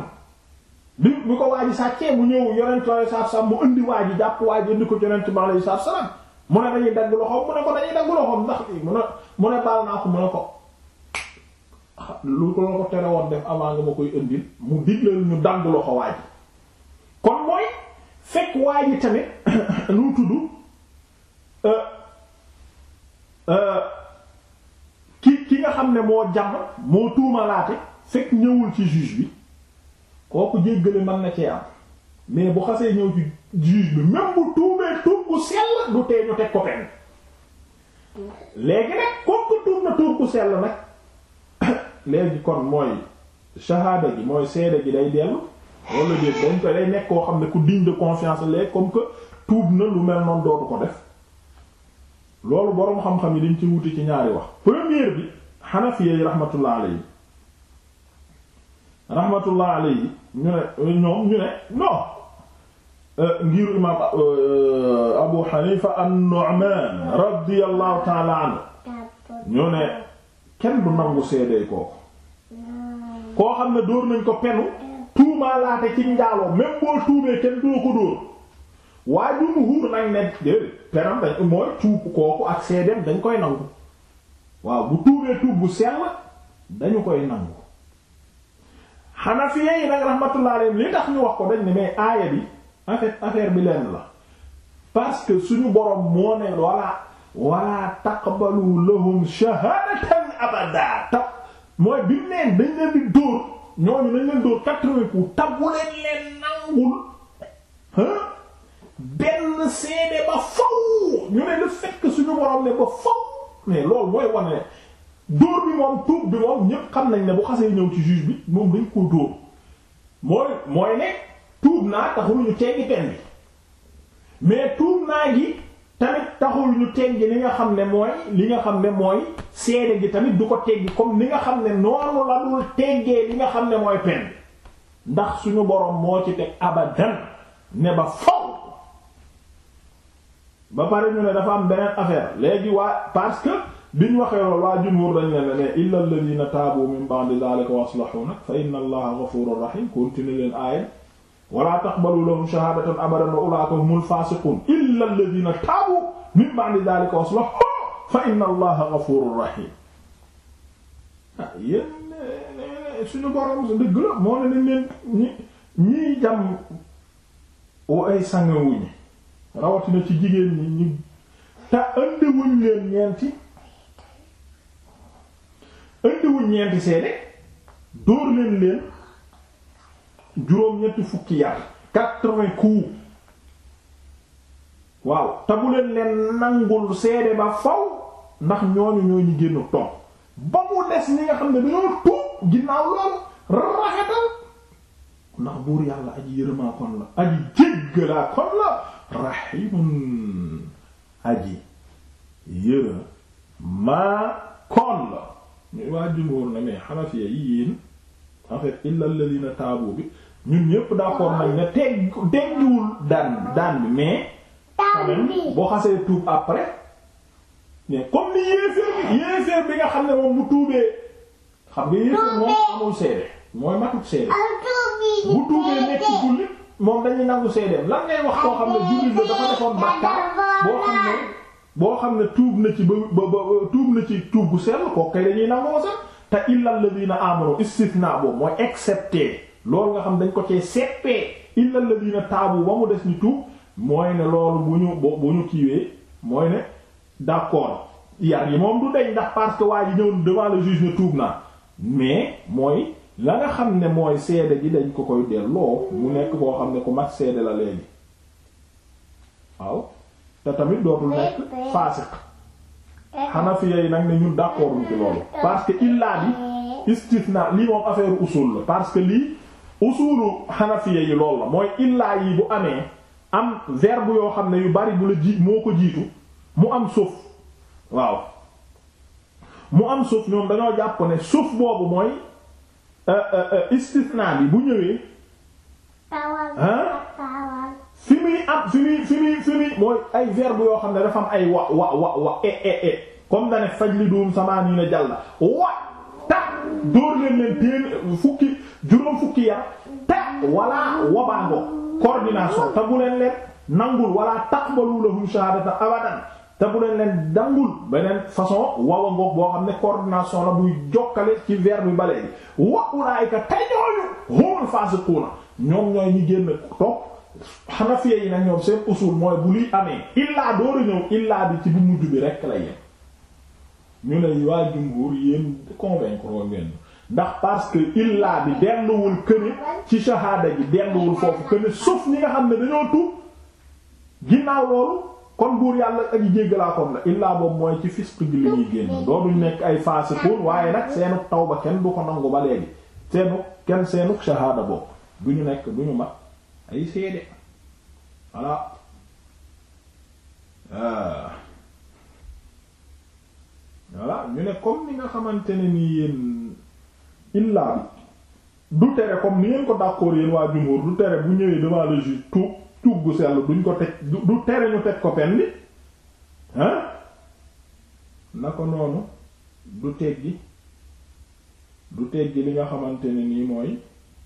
Speaker 1: bi bi ko waaji sàccee mu ñëw yonent bi alayhi mu indi waaji jàpp waaji indi ko yonent bi alayhi salaatu salaam mu ne dañuy dagg loxoom mu ne ko dañuy dagg loxoom eh, mu ne naa ko mu ne ko ah, lu ko la tere woon def avant nga ma koy indil mu diglal ñu dagg loxo waaji kon mooy fekk waaji tamit lu tudd euh, euh, ki ki nga xam ne moo jàmm moo tuumalaate fekk ñëwul ci juge bi kooku jéggale mën na cee am mais bu xasee ñëw ci juge bi même bu tuubee tuub ku sell du tee ñu teg ko pen léegi nag kooku tuub na tuub ku sell nag léegi kon mooy shahada gi mooy seede gi day dellu wala jé dañ ko day nekk koo xam ne ku digne de confiance léegi comme que tuub na lu mel noonu dootu ko def loolu boroom xam-xam yi dañ ci wuti ci ñaari wax première bi Hanafi yi rahmatullah alayhi rahmatullah alayhi ñu ne euh, ñoom ñu ne non euh, ngiru imaam euh, Abu Hanifa an-Nu'man radiyallahu ta'ala anhu ñu ne kenn du nangu seedey kooku koo xam ne dóor nañ ko penu tuumaalaate ci njaaloo même boo tuubee kenn doo ko dóor waa jumhuur nag ne déedéet penam dañ mooy tuub kooku ak seedeem dañ koy nangu waaw bu tuubee tuub bu sell dañu koy nangu xanafiya yi nag rahmatullah alayhim li tax ne mais aaya bi en fait affaire bi lenn la parce que suñu borom moo ne wala wala taqbalu lahum shahadatan abada ta mooy bi mu neen dañ leen di dóor ñooñu dañ leen dóor quatre-vingts pour tabuleen leen nangul ah benn seede ba faw ñu ne le fait que suñu boroom ne dóor bi moom tuub bi moom ñépp xam nañ ne bu xasee ñëw ci juge bi moom dañ ko dóor mooy mooy ne tuub naa taxul ñu teggi pen bi mais tuub naa gi tamit taxul ñu teggi li nga xam ne mooy li nga xam ne mooy seede gi tamit du ko teggi comme li nga xam ne noonu la dul teggee li nga xam ne mooy pen bi ndax suñu boroom moo ci teg abadan ne ba faw ba pare ñu ne dafa am beneen affaire léegi waa parce que biñ waxee waa jumhur dañ ne ne illa taabu min ba'di dhalika wa aslahu nag fa inna allaha ghafurur rahim continue leen wala taqbalu lahum shahadatan abadan wa ulaika humul illa alladhina taabu rahim ah yéen suñu borom sa dëgg la moo ne nañ leen jam oo ay sangawuñi rawatina ci jigéen ñi ñi te indiwuñ leen ñeenti indiwuñ ñeenti seede dóor leen leen juróom ñetti fukki yar quatre-vingts coups waaw te leen leen nangul seede ba faw ndax ñooñu ñoo ñu génn topp ba mu des ni nga xam ne dañoo tuub ginnaaw loolu raxetal ndax buur yàlla aji yërëmaa kon la aji jéggalaa kon la raximun aji yërëmaa kon la ñu waa jumhur na mais xanafiya yi yéen en fait illa alladhina taabu bi ñun ñëpp d'accord nañ ne teg teggiwul daan daan bi mais quand boo xasee tuub après mais comme ni yéeféer nga xam ne moom bu tuubee xam nga yéeféer moom amul seede moom dañuy nangu seedeem lan ngay wax koo xam ne jullit la dafa defoon bàkkaar boo xam ne boo xam ne tuub na ci ba ba tuub na ci tuub gu sell kooku kay dañuy nangoo sax te illa alladhina amanu istithna boobu mooy excepté loolu nga xam dañ ko cee seppee illa alladhina taabu ba mu des ñu tuub mooy ne loolu bu ñu bu ñu kiiwee mooy ne d'accord yar yi moom du deñ ndax parce que waa ji ñëw devant le juge tuub naa mais mooy la nga xam ne mooy seede ji dañ ko koy delloo mu nekk boo xam ne ku mat seede la léegi waaw. te tamit dootul nekk eh, eh. faasiq eh. Hanafiya yi nag ne ñun d'accord ci loolu parce que illaa bi istithna lii moom affaire usul la parce que lii usulu Hanafiya yi loolu la mooy illaa yi bu amee am verbe yoo xam ne yu bari bu la ji moo ko jiitu mu am suuf waaw mu am suuf ñoom dañoo jàpp ne suuf boobu mooy euh, euh, euh, istithna bi bu ñëwee fi muy am fi muy fi muy fi muy mooy ay verbe yoo xam ne dafa am ay wa wa wa wa e e e comme da ne faj li doom samaan yu ne jàll na wa ta dóor leen leen téen fukki juróom fukki yar ta wala wabaango coordination te bu leen leen nangul wala taqbalu lahum shahadata abadan te bu leen leen dangul beneen façon wawa ngoog boo xam ne coordination la buy jokkale ci verbe bi balee bi wa ulaayika te ñooñu humul faasiquuna ñoom ñooy ñi génn topp xanafiya yi nag ñoom seen usul mooy bu liy amee illaa dooru ñëw illaa bi ci bu mujj bi rekk la yem ñu ne waa jumhur yéen convaincre oo ngeen ndax parce que illaa bi delluwul këni ci shahaada ji delluwul foofu këni suuf ñi nga xam ne dañoo tuub ginnaaw loolu kon buur yàlla ak jéggalaa kon na illaa boobu mooy ci fisq ji li ñuy génn doonuñ nekk ay faasiqun waaye nag seenu tawba kenn du ko nangu ba léegi seenu kenn seenu shahaada boobu du ñu nekk du ñu ay seede voilà ah voilà ñu ne comme li nga xamante nii yéen illaa du tere comme ni ngeen ko d'accord yéen waa jumóor du tere bu ñëwee devant le juge tuub tuub duñ ko teg du tere ñu teg ko pen bi hein na ko noonu du teggi du teggi li nga xamante ne nii mooy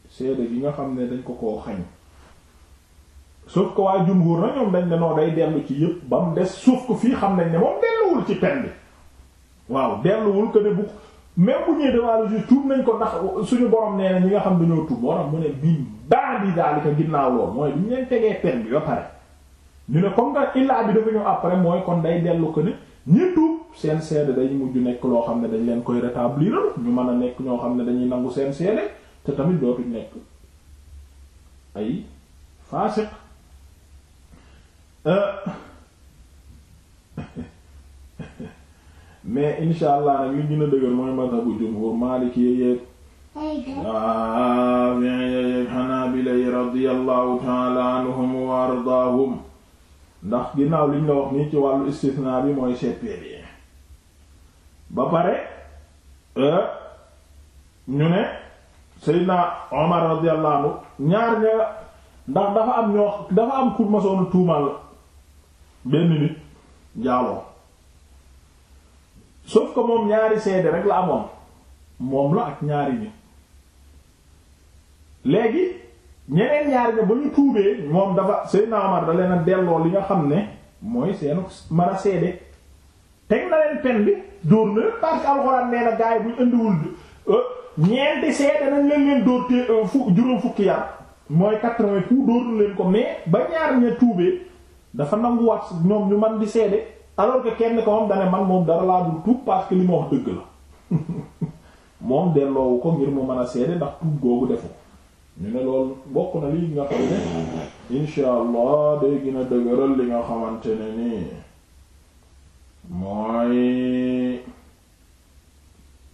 Speaker 1: seede gi nga xam ne dañ ko koo xañ sauf que waa jumhur na ñoom dañ ne non day dellu ci yëpp ba mu des sauf ko fii xam nañ ne moom delluwul ci pen bi waaw delluwul que ne bu même bu ñuy devant le juge tuub nañ ko ndax suñu borom nee na ñi nga xam dañoo tuub moo tax mu ne bii baax di daal di ko ginnaaw lool mooy bu ñu leen tegee bi ñu ne comme après mooy kon day dellu ko ne ñi tuub seen seede dañu mujj nekk loo xam ne dañ leen koy rétablir ñu mën a nekk ñoo xam ne dañuy nangu seen seede te tamit dootuñ nekk ay Euh. mais insha allah nag li gën a dëgër mooy mazhabu jumhur maliki yeeg Shafi'i ah, yeeg Hanabila radiyallahu ta'ala anhum wa ardaahum ndax ginnaaw liñ la wax nii ci wàllu istisna bi mooy seppeel yi ba pare euh, ñu ne Seydina Omar radiyallahu ñaar ña ndax dafa am ñoo dafa am ku masoon tuumal benn nit njaaloo sauf que moom ñaari seede rek la amoon moom la ak ñaari nit léegi ñeneen ñaari ne ba ñu tuubee moom dafa Seydina Omar da leen a delloo li nga xam ne mooy seenu mën a seede teg na leen pen bi dóor na parce que alxuraan nee na gaay bu indiwul euh, ñeenti seede nañ leen leen dóor te euh, juróom fukki yar mooy quatre-vingts pour dóor leen ko mais ba ñaari ña tuubee dafa nanguwaat ñoom ñu man di seede alors que kenn ko moom dane man moom dara laa dul tuub parce li ma dëgg la moom delloowu ko ngir mu mën a seede ndax tuub googu defu ñu ne loolu bokk na lii nga xam ne insha allah day gën li nga xamante ne nii mooy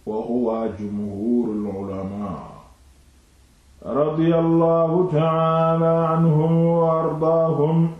Speaker 1: waxu waa jumhurul ulama radiyallahu ta'ala anhum wa ardaahum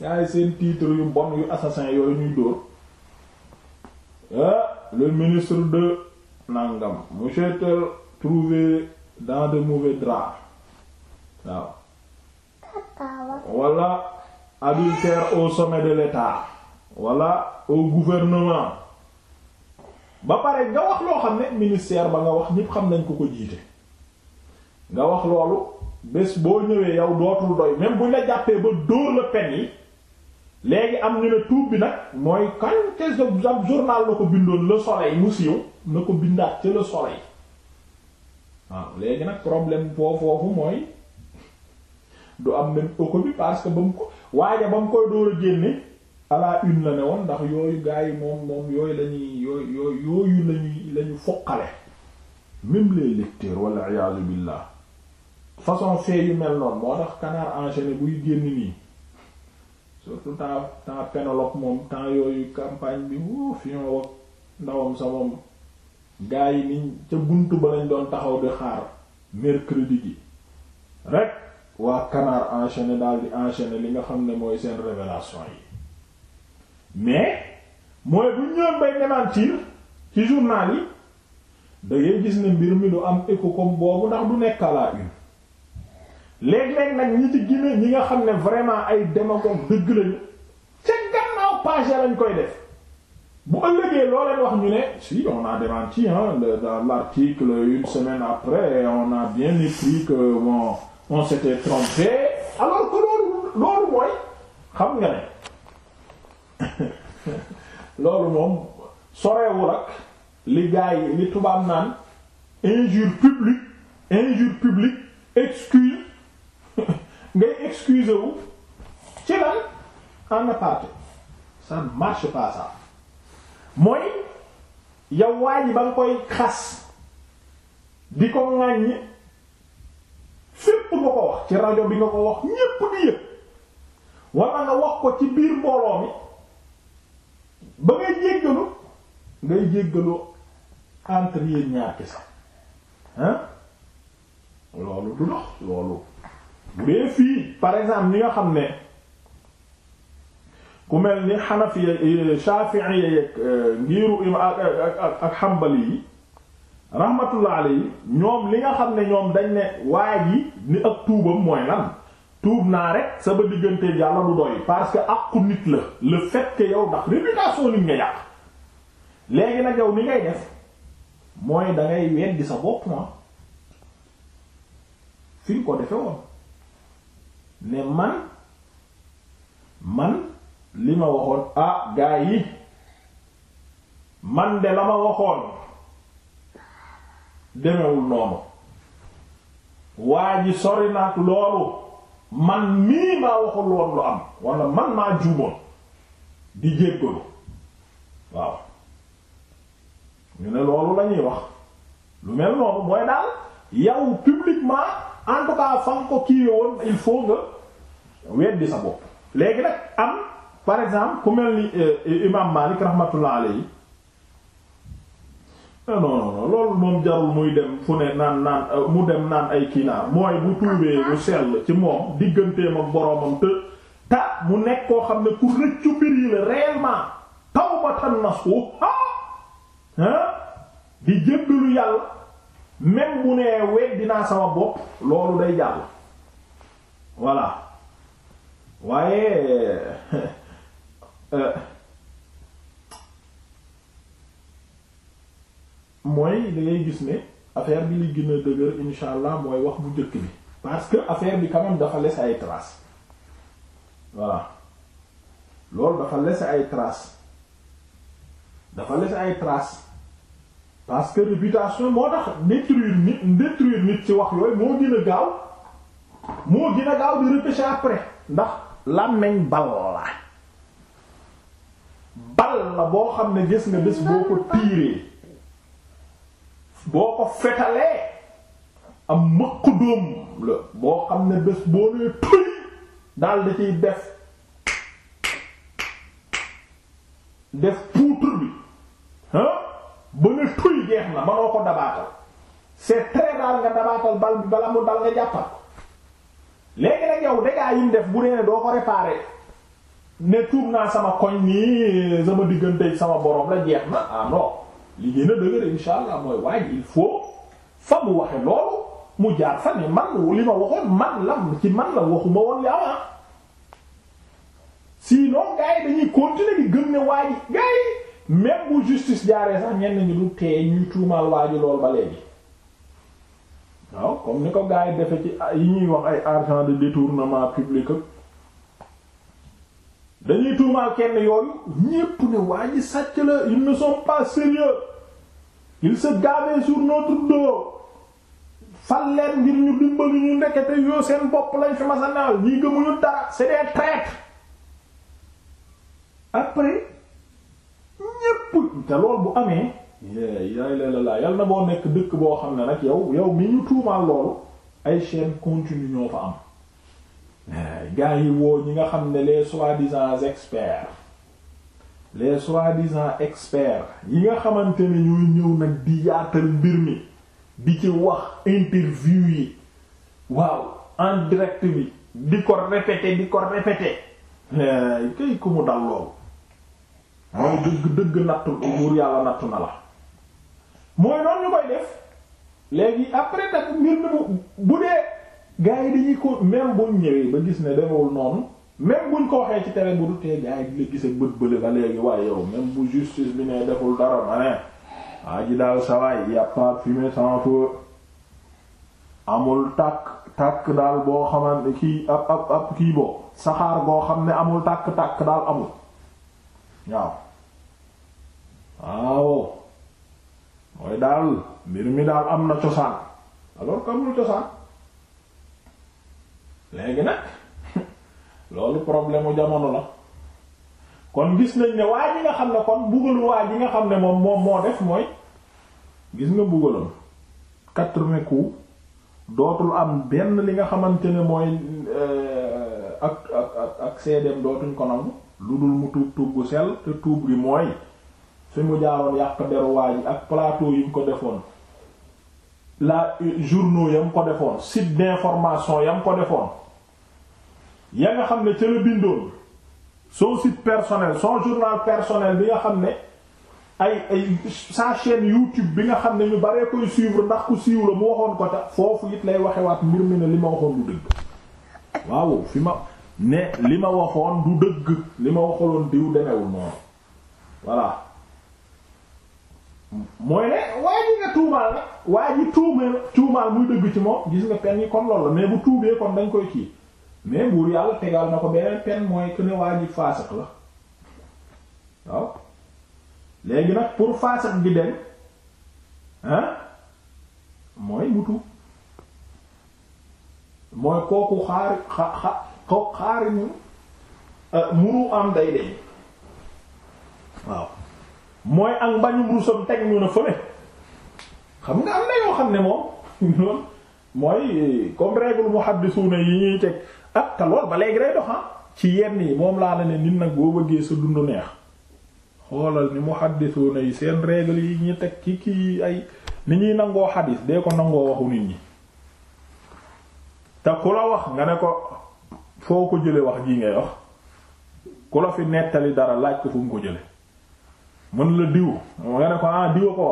Speaker 1: yaay seen titre yu bon yu assassin yooyu ñuy dóor ah le ministre de nangam monsieur tel dans de mauvais draps waaw wala adultère au sommet de l'État wala au gouvernement ba pare nga wax loo xam ne ministère ba nga wax ñépp xam nañ ko ko jiite nga wax loolu bés boo ñëwee yow dootul doy même buñ la jàppee ba dóor la pen yi léegi am ñu ne tuub bi nag mooy kañ te ab journal la ko bindoon Le Soleil mu siiw na ko bindaat ca Le Soleil waaw léegi nag problème boo foofu mooy du am même oko bi parce que ba mu ko waaye ba mu koy door a génne à une la ne woon ndax yooyu gars yi moom moom yooyu la ñuy yooyu yooyu yooyu la ñuy la ñu foqale iyaazu billah façon fee yu mel noonu moo tax canard enchaîné buy génn nii. surtout temps temps Pénélope moom temps yooyu campagne bi wuu fio ñoo wax ndawam sa moom gaa yi niñ ca bunt ba lañ doon taxaw di xaar mercredi gi rek waa Canard enchaîné daal di li nga xam ne mooy seen révélation yi mais mooy bu ñëw bay démentir ci journal yi da gis ne mbir mi du am écho comme boobu ndax du nekk à une léeg-léeg nag ñi ci Guinée ñi nga xam ne vraiment ay démagogue dëgg lañu ca gannaaw page lañ koy def bu ëllëgee loo leen wax ñu ne si on a démenti hein dans l'article une semaine après on a bien écrit que on s'était trompé alors que loolu loolu mooy xam nga ne loolu moom sorewul ak li gars yi li tubaab naan injure publique injure publique excuse ngay excuser wu ci lan en aparté ça ne marche mooy yow waa ji ba nga koy xas di ko ŋàññ fépp nga ko wax ci rajo bi nga ko wax ñépp di yëpp wala nga wax ko ci biir mbooloo mi ba ngay jéggalu ngay jéggalu entre yéen ñaar ci hein loolu du dox loolu bu dee fii par exemple ñi nga xam ne ku mel ni xanafiya shafi'i yeeg euh, ngiru ima ak ak ak xambali yi rahmatullah alayhi ñoom li nga xam ne ñoom dañ ne waay yi ni ak tuubam mooy lan tuub naa rek sama diggante yàlla du doy parce que àqu nit la le fait yow ndax réputation nit nga yàq léegi nag ni ngay def mooy da weddi sa bopp ma ah. fi ko defe woon ne man man li ma waxoon ah gaa yi man de la ma waxoon demewul noonu waa ji sori na ak loolu man mii maa waxul woon lu am wala man maa juumoon di jéggalu waaw ñu ne loolu lañuy wax lu mel noonu mooy daal yow publiquement en tout cas ko kiiwe woon il faut nga weddi sa bopp léegi nag am par exemple ku mel ni euh, imam Malik rahmatullah alayhi ah, non non non loolu moom jarul muy dem fu ne naan naan euh, mu dem naan ay kinaar mooy bu tuubee lu sell ci moom digganteem ak boroomam te ta mu nekk koo xam ne ku rëccu mbir yi la réellement tawbatan nasuha di jéggalu yàlla même bu nee weddinaa sama bopp loolu day jàll voilà waaye euh, mooy da ngay gis ne affaire bi li gën a dëgër insha allah mooy wax bu njëkk bi parce que affaire bi quand dafa laisser ay traces voilà loolu dafa laisser ay traces dafa laisser ay traces parce que réputation moo tax détruire nit détruire nit ci wax yooyu moo gën a gaaw moo gën a gaaw di repêcher après ndax làmmeñ bal la bal la boo xam ne gis nga bés boo ko tiiree boo ko fetalee am mëq dóom la boo xam ne bés boo nee tuy daal da ciy def def poutre bi hein ba nga tuy jeex na manoo ko dabaatal c'est très nga dabaatal bal bala mu dal nga jàppal léegi nag yow dégâts def bu dee ne doo ko réparer ne tuur naa sama koñ nii sama diggante sama borom la jeex na ah non li gën a dëgër insha ma waxoon man la ci man la waxuma woon yow ah sinon gars yi dañuy continuer di gëm ne waa ji gars yi même bu justice jaaree sax ñenn ñi du tee ñuy tuumaal waaju lool ba léegi waaw comme ni ko gars yi defe ci yi ñuy wax ay argent de détournement public dañuy tuumaal kenn yooyu ñépp ne waa ji sàcc la ils ne sont pas sérieux sur notre dos fal ngir ñu dimbali ñu ndekete yoo seen bopp lañ fi masa naaw ñii gëmuñu dara c'est des traîtres après te lool bu amee eh, yaay la la yal na boo nekk dëkk boo xam ne nag yow yow mi ñu tuumaal loolu ay chaîne continue ñoo fa am eh, gaa yi woo ñi nga xam ne les soit disant experts les soit disant experts yi nga xamante ni ñooy ñëw nag di yaatal mbir mi di ci wax interview yi waaw en direct bi di ko répéter di ko répéter eh, kay ku mu dal loolu mooy dëgg dëgg nattu buur yàlla nattu na la mooy noonu ñu def léegi après nag mbir mi bu dee gars yi dañuy ko même buñ ñëwee ba gis ne demewul noonu même buñ ko waxee ci télé bu dutee gars yi di la gise bët bële ba léegi waaye yow même bu justice bi ne deful dara ma ne waa daal sawaay y a pas de amul tàkk tàkk daal boo xamante kii ab ab ab kii boo saxaar boo xam ne amul tàkk-tàkk daal amul waaw waaw mooy daal mbir mi daal am na cosaan alors que amul cosaan léegi nag loolu problème mu jamono la kon gis nañ ne waa ji nga xam ne kon bugalu waa ji nga xam ne moom moom moo def mooy gis nga bugalam quatre-vingts coups dootul am benn li nga xamante ne mooy euh, ak ak ak ak seedeem dootuñ ko nangu lu dul mu tuub tuub gu sell te tuub gi mooy fi mu jaaroon yàq deruwaay yi ak plateau yi mu ko defoon la euh, journaux yam ko defoon site d'information yam ko defoon ya nga xam ne ca la bindoon son site personnel son journal personnel bi nga xam ne ay ay sa chaîne YouTube bi nga xam ne ñu baree koy suivre ndax ku siiw la mu waxoon ko ta foofu it lay waxewaat mbir mi ne li ma waxoon lu dëgg waaw fi ma ne li ma waxoon du dëgg li ma waxaloon diw demewul noonu voilà mooy ne waa ji nga tuumaal nag waa ji tuumal tuumaal muy dëgg ci moom gis nga pen yi kon loolu la mais bu tuubee kon dañ koy kii mais buur yàlla tegal na ko beneen pen mooy que ne waa ji faasiq la waaw léegi nag pour faasiq bi dem ah mooy mu tuub mooy kooku xaar xa xa toog xaari ñu euh, muru am day deñ waaw mooy ak mbañum rusam teg ñu na fële xam nga am na yoo xam ne moom loolu mooy comme règle muhaddisuna yi ñuy teg ak ah, te lool ba léegi day dox ah. ci yenn yi moom laa la ne nit nag boo bëggee sa dund neex xoolal ni muhaddisuna yi seen règle yi ñu teg ci kii ay ni ñuy nangoo xadis dee ko nangoo waxu nit ñi te ku la wax nga ne ko foo ko jële wax jii ngay wax ku la fi nettali dara laaj ko fu mu ko jële mën la diw nga ne ko ah diw ko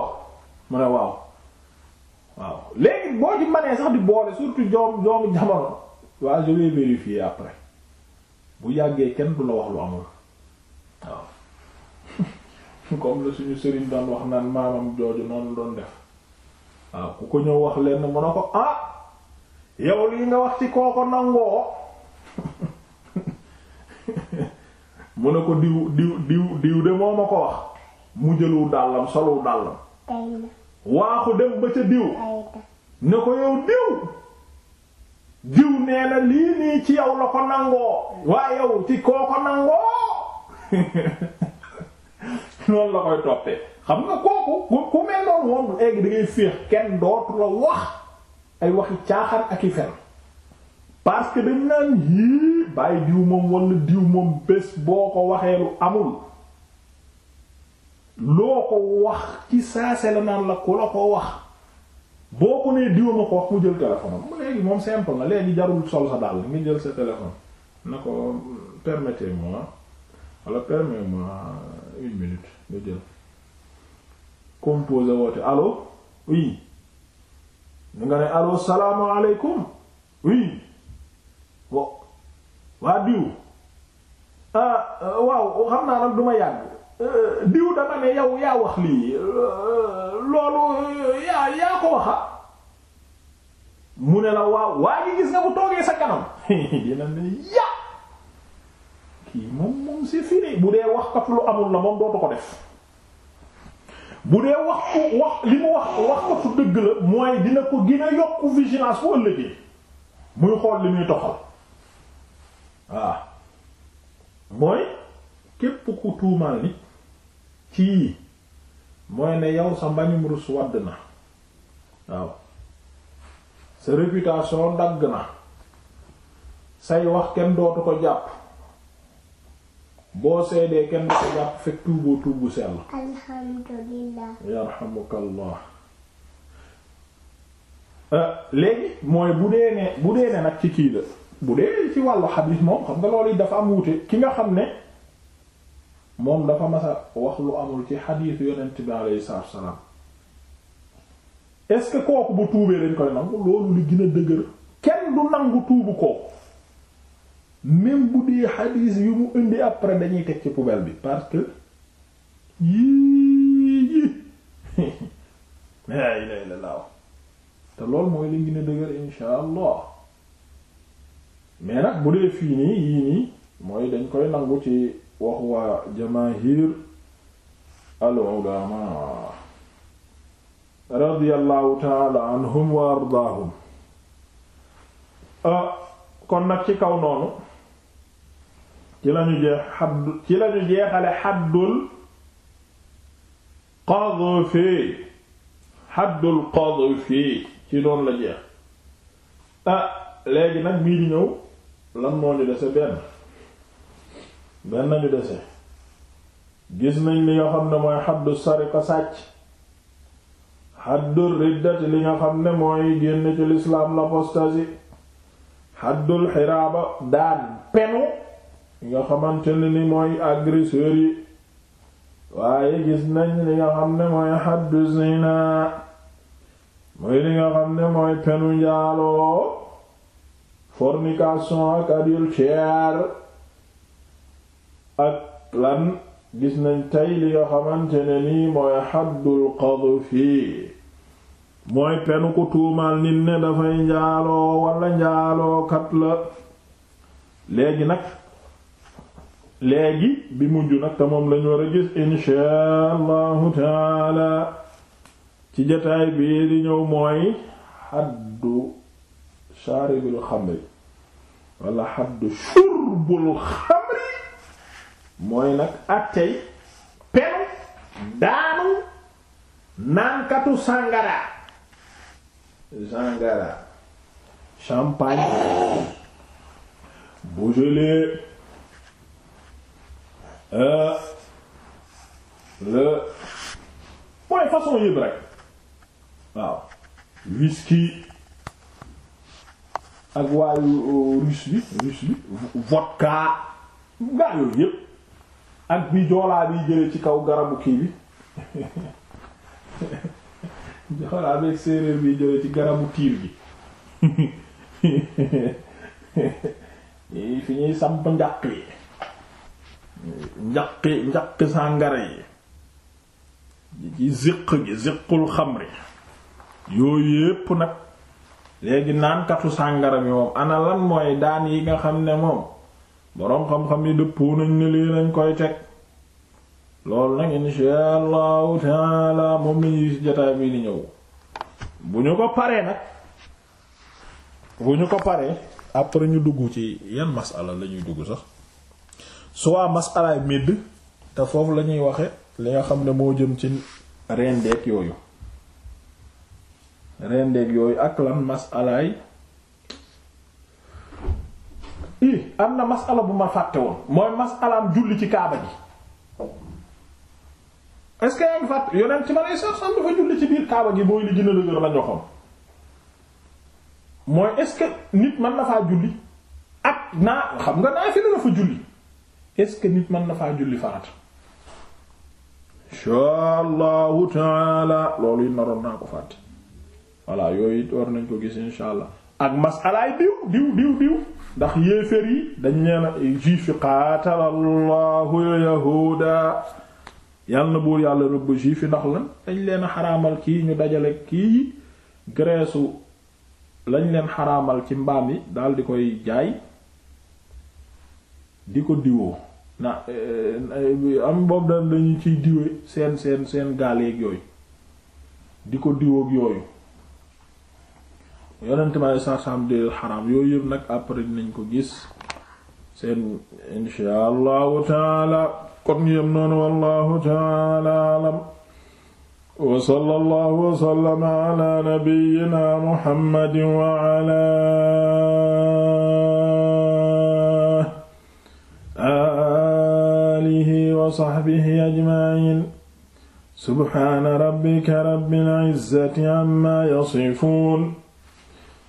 Speaker 1: wax bu yàggee kenn la wax lu amul waaw comme suñu sëriñ doon wax naan maamam jooju noonu doon def waaw ku ko ñëw wax lenn mu ne ko ah yow lii nga wax ci kooko nangoo mu ne ko diw diw diw diw de moo ma ko wax mu jëlu dàllam solu dàllam
Speaker 2: waaxu dem ba ca diw
Speaker 1: ne ko yow diw diw nee na lii nii ci yaw la ko nangoo waa yow ci koo ko nangoo noonu la koy toppee xam nga kooku ku mel noonu woon egg da ngay kenn dootu la wax ay waxi caaxar ak i fen parce que dañ naan yii bàyyi diw moom wala diw moom bés boo ko waxee lu amul loo ko wax ci saase la la ku la ko wax boo ko nee diw ma ko wax mu jël téléphone am léegi moom simple na léegi jarul sol sa dàll nga jël sa téléphone na ko permettez-moi wala permettez-moi une minute nga jël composé woote allo oui ñu nga ne allo salaamaaleykum oui wo waa diw ah, ah, waaw xam naa nag du ma yàgg eh, diw dama ne yow yaa wax lii eh, loolu eh, yaa yaa ko waxa mu ne la waaw waa gis nga bu toogee sa kanam dina ne ya kii moom moom c'est fini bu dee wax kat lu amul na moom dootu ko def bu dee wax ku wax li mu wax wax ko fu dëgg la mooy dina ko gën a yokk vigilance bu ëllëgee muy xool li muy toxal waaw mooy képp ku tuumal nit ci yii mooy ne yow sa mbañum rus wadd na waaw sa réputation dagg na say wax kenn dootu ko jàpp boo seedee kenn ko jàpp fekk tuuboo tuubu sell yarhamukallah euh, léegi mooy bu dee ne bu dee ne nag ci kii la bu dee ci wàllu xadiis moom xam nga loolu dafa am wuute ki nga xam ne moom dafa masa wax lu amul ci xadiisu yonent bi alayhi salaatu wa salaam ce que kooku bu tuubee lañ koy nangu loolu li gën a dëgër kenn du nangu tuubu kooku même bu dee xadiis yu mu indi après dañuy teg ci poubelle bi parce que yii yi la ilaha illallah te loolu mooy li gën a dëgër insha mais nag bu dee fii nii yii nii mooy dañ koy nangu ci wax waa jamaahir al ulama radiyallahu taala anhum wa ardaahum ah, kon nag ci kaw noonu ci lañu jeex xadd ci lañu jeexale xaddul qadfi xaddul qadfi ci doon la jeex ah nag bii ñëw lan moo ñu dese benn benn ñu dese gis nañ li nga xam ne mooy xaddu sarika sàcc xaddul riddati li nga xam ne mooy génn ci lislaam l'apostasie xaddul xiraaba daan penu nga xamante ni mooy agresseur yi waaye gis nañ li nga xam ne mooy xaddu zina mooy li nga xam ne mooy penu njaaloo fornication ak adultère ak lan gis nañ tey li nga xamante ne nii mooy xaddul qadfi mooy penu ku tuumaal nit ne dafay njaaloo wala njaalookat la léegi nag léegi bi mujj nag te moom lañu war a gis inshaa allahu ci jataay bii di ñëw mooy xaddu shaaribil xamri wala xaddu shurbul xamri mooy nag attey penu daanu naankatu sangara sangara champagne Beaujolais euh mooy façon yëpp rek waaw whisky ak waayu euh, russe bi russe bi vodka gaa yooyu yépp ak bi joolaa bi jële ci kaw garabu kii bi joolaa bi ak ci garabu tiir bi fi ñuy samp njaq yi njaqi njaqi sàngara yi ci ziq gi ziqul xamri yooyu yépp nag léegi naankatu sàngara bi moom ana mooy daan yi nga xam ne moom boroom xam-xam yi dëppoo nañ ne lii lañ koy teg loolu nag insha allahu taala moom lañuy ci jotaay bi di ñëw bu ñu ko paree nag bu ñu ko paree après ñu dugg ci yan masala la ñuy dugg sax soit masalaay midd te foofu la ñuy waxe li nga xam ne moo jëm ci rendeek yooyu rendeeg yooyu ak lan masalaay i am na masala bu ma fàtte woon mooy masalaam julli ci kaaba gi est-ce que yaa ci ma lay sax sant julli ci biir kaaba gi mooy li gën a dëgër la joxoon mooy est-ce que nit mën na faa julli ak naa xam nga naa fi la fa julli est nit mën na faa julli farata insha allahu loolu yi naroon naa ko fàtte voilà yooyu it war nañ ko gis insha allah ak masalaay diw diw diw diw ndax yéeféer yi dañ neena juif yi qaatalallahu yahuda yàlla na buur yàlla rëbb juif yi ndax lan dañ leen xaraamal kii ñu dajale kii graisse lañ leen xaraamal ci mbaam yi daal di koy jaay di ko diwoo na eh, am boobu dañ lañu ciy diwe seen seen seen gaaleeg yooyu di ko diwoog yooyu yonent ma ay sarsam déedéet xaram yooyu yëpp nag après dinañ ko gis seen insha allahu taala kon yem noonu wallahu taala alam wa sallallahu wa sallama ala nabiyyina muhammadin wa ala alihi wa sahbihi ajma'in subhana rabbika rabbil izzati amma yasifun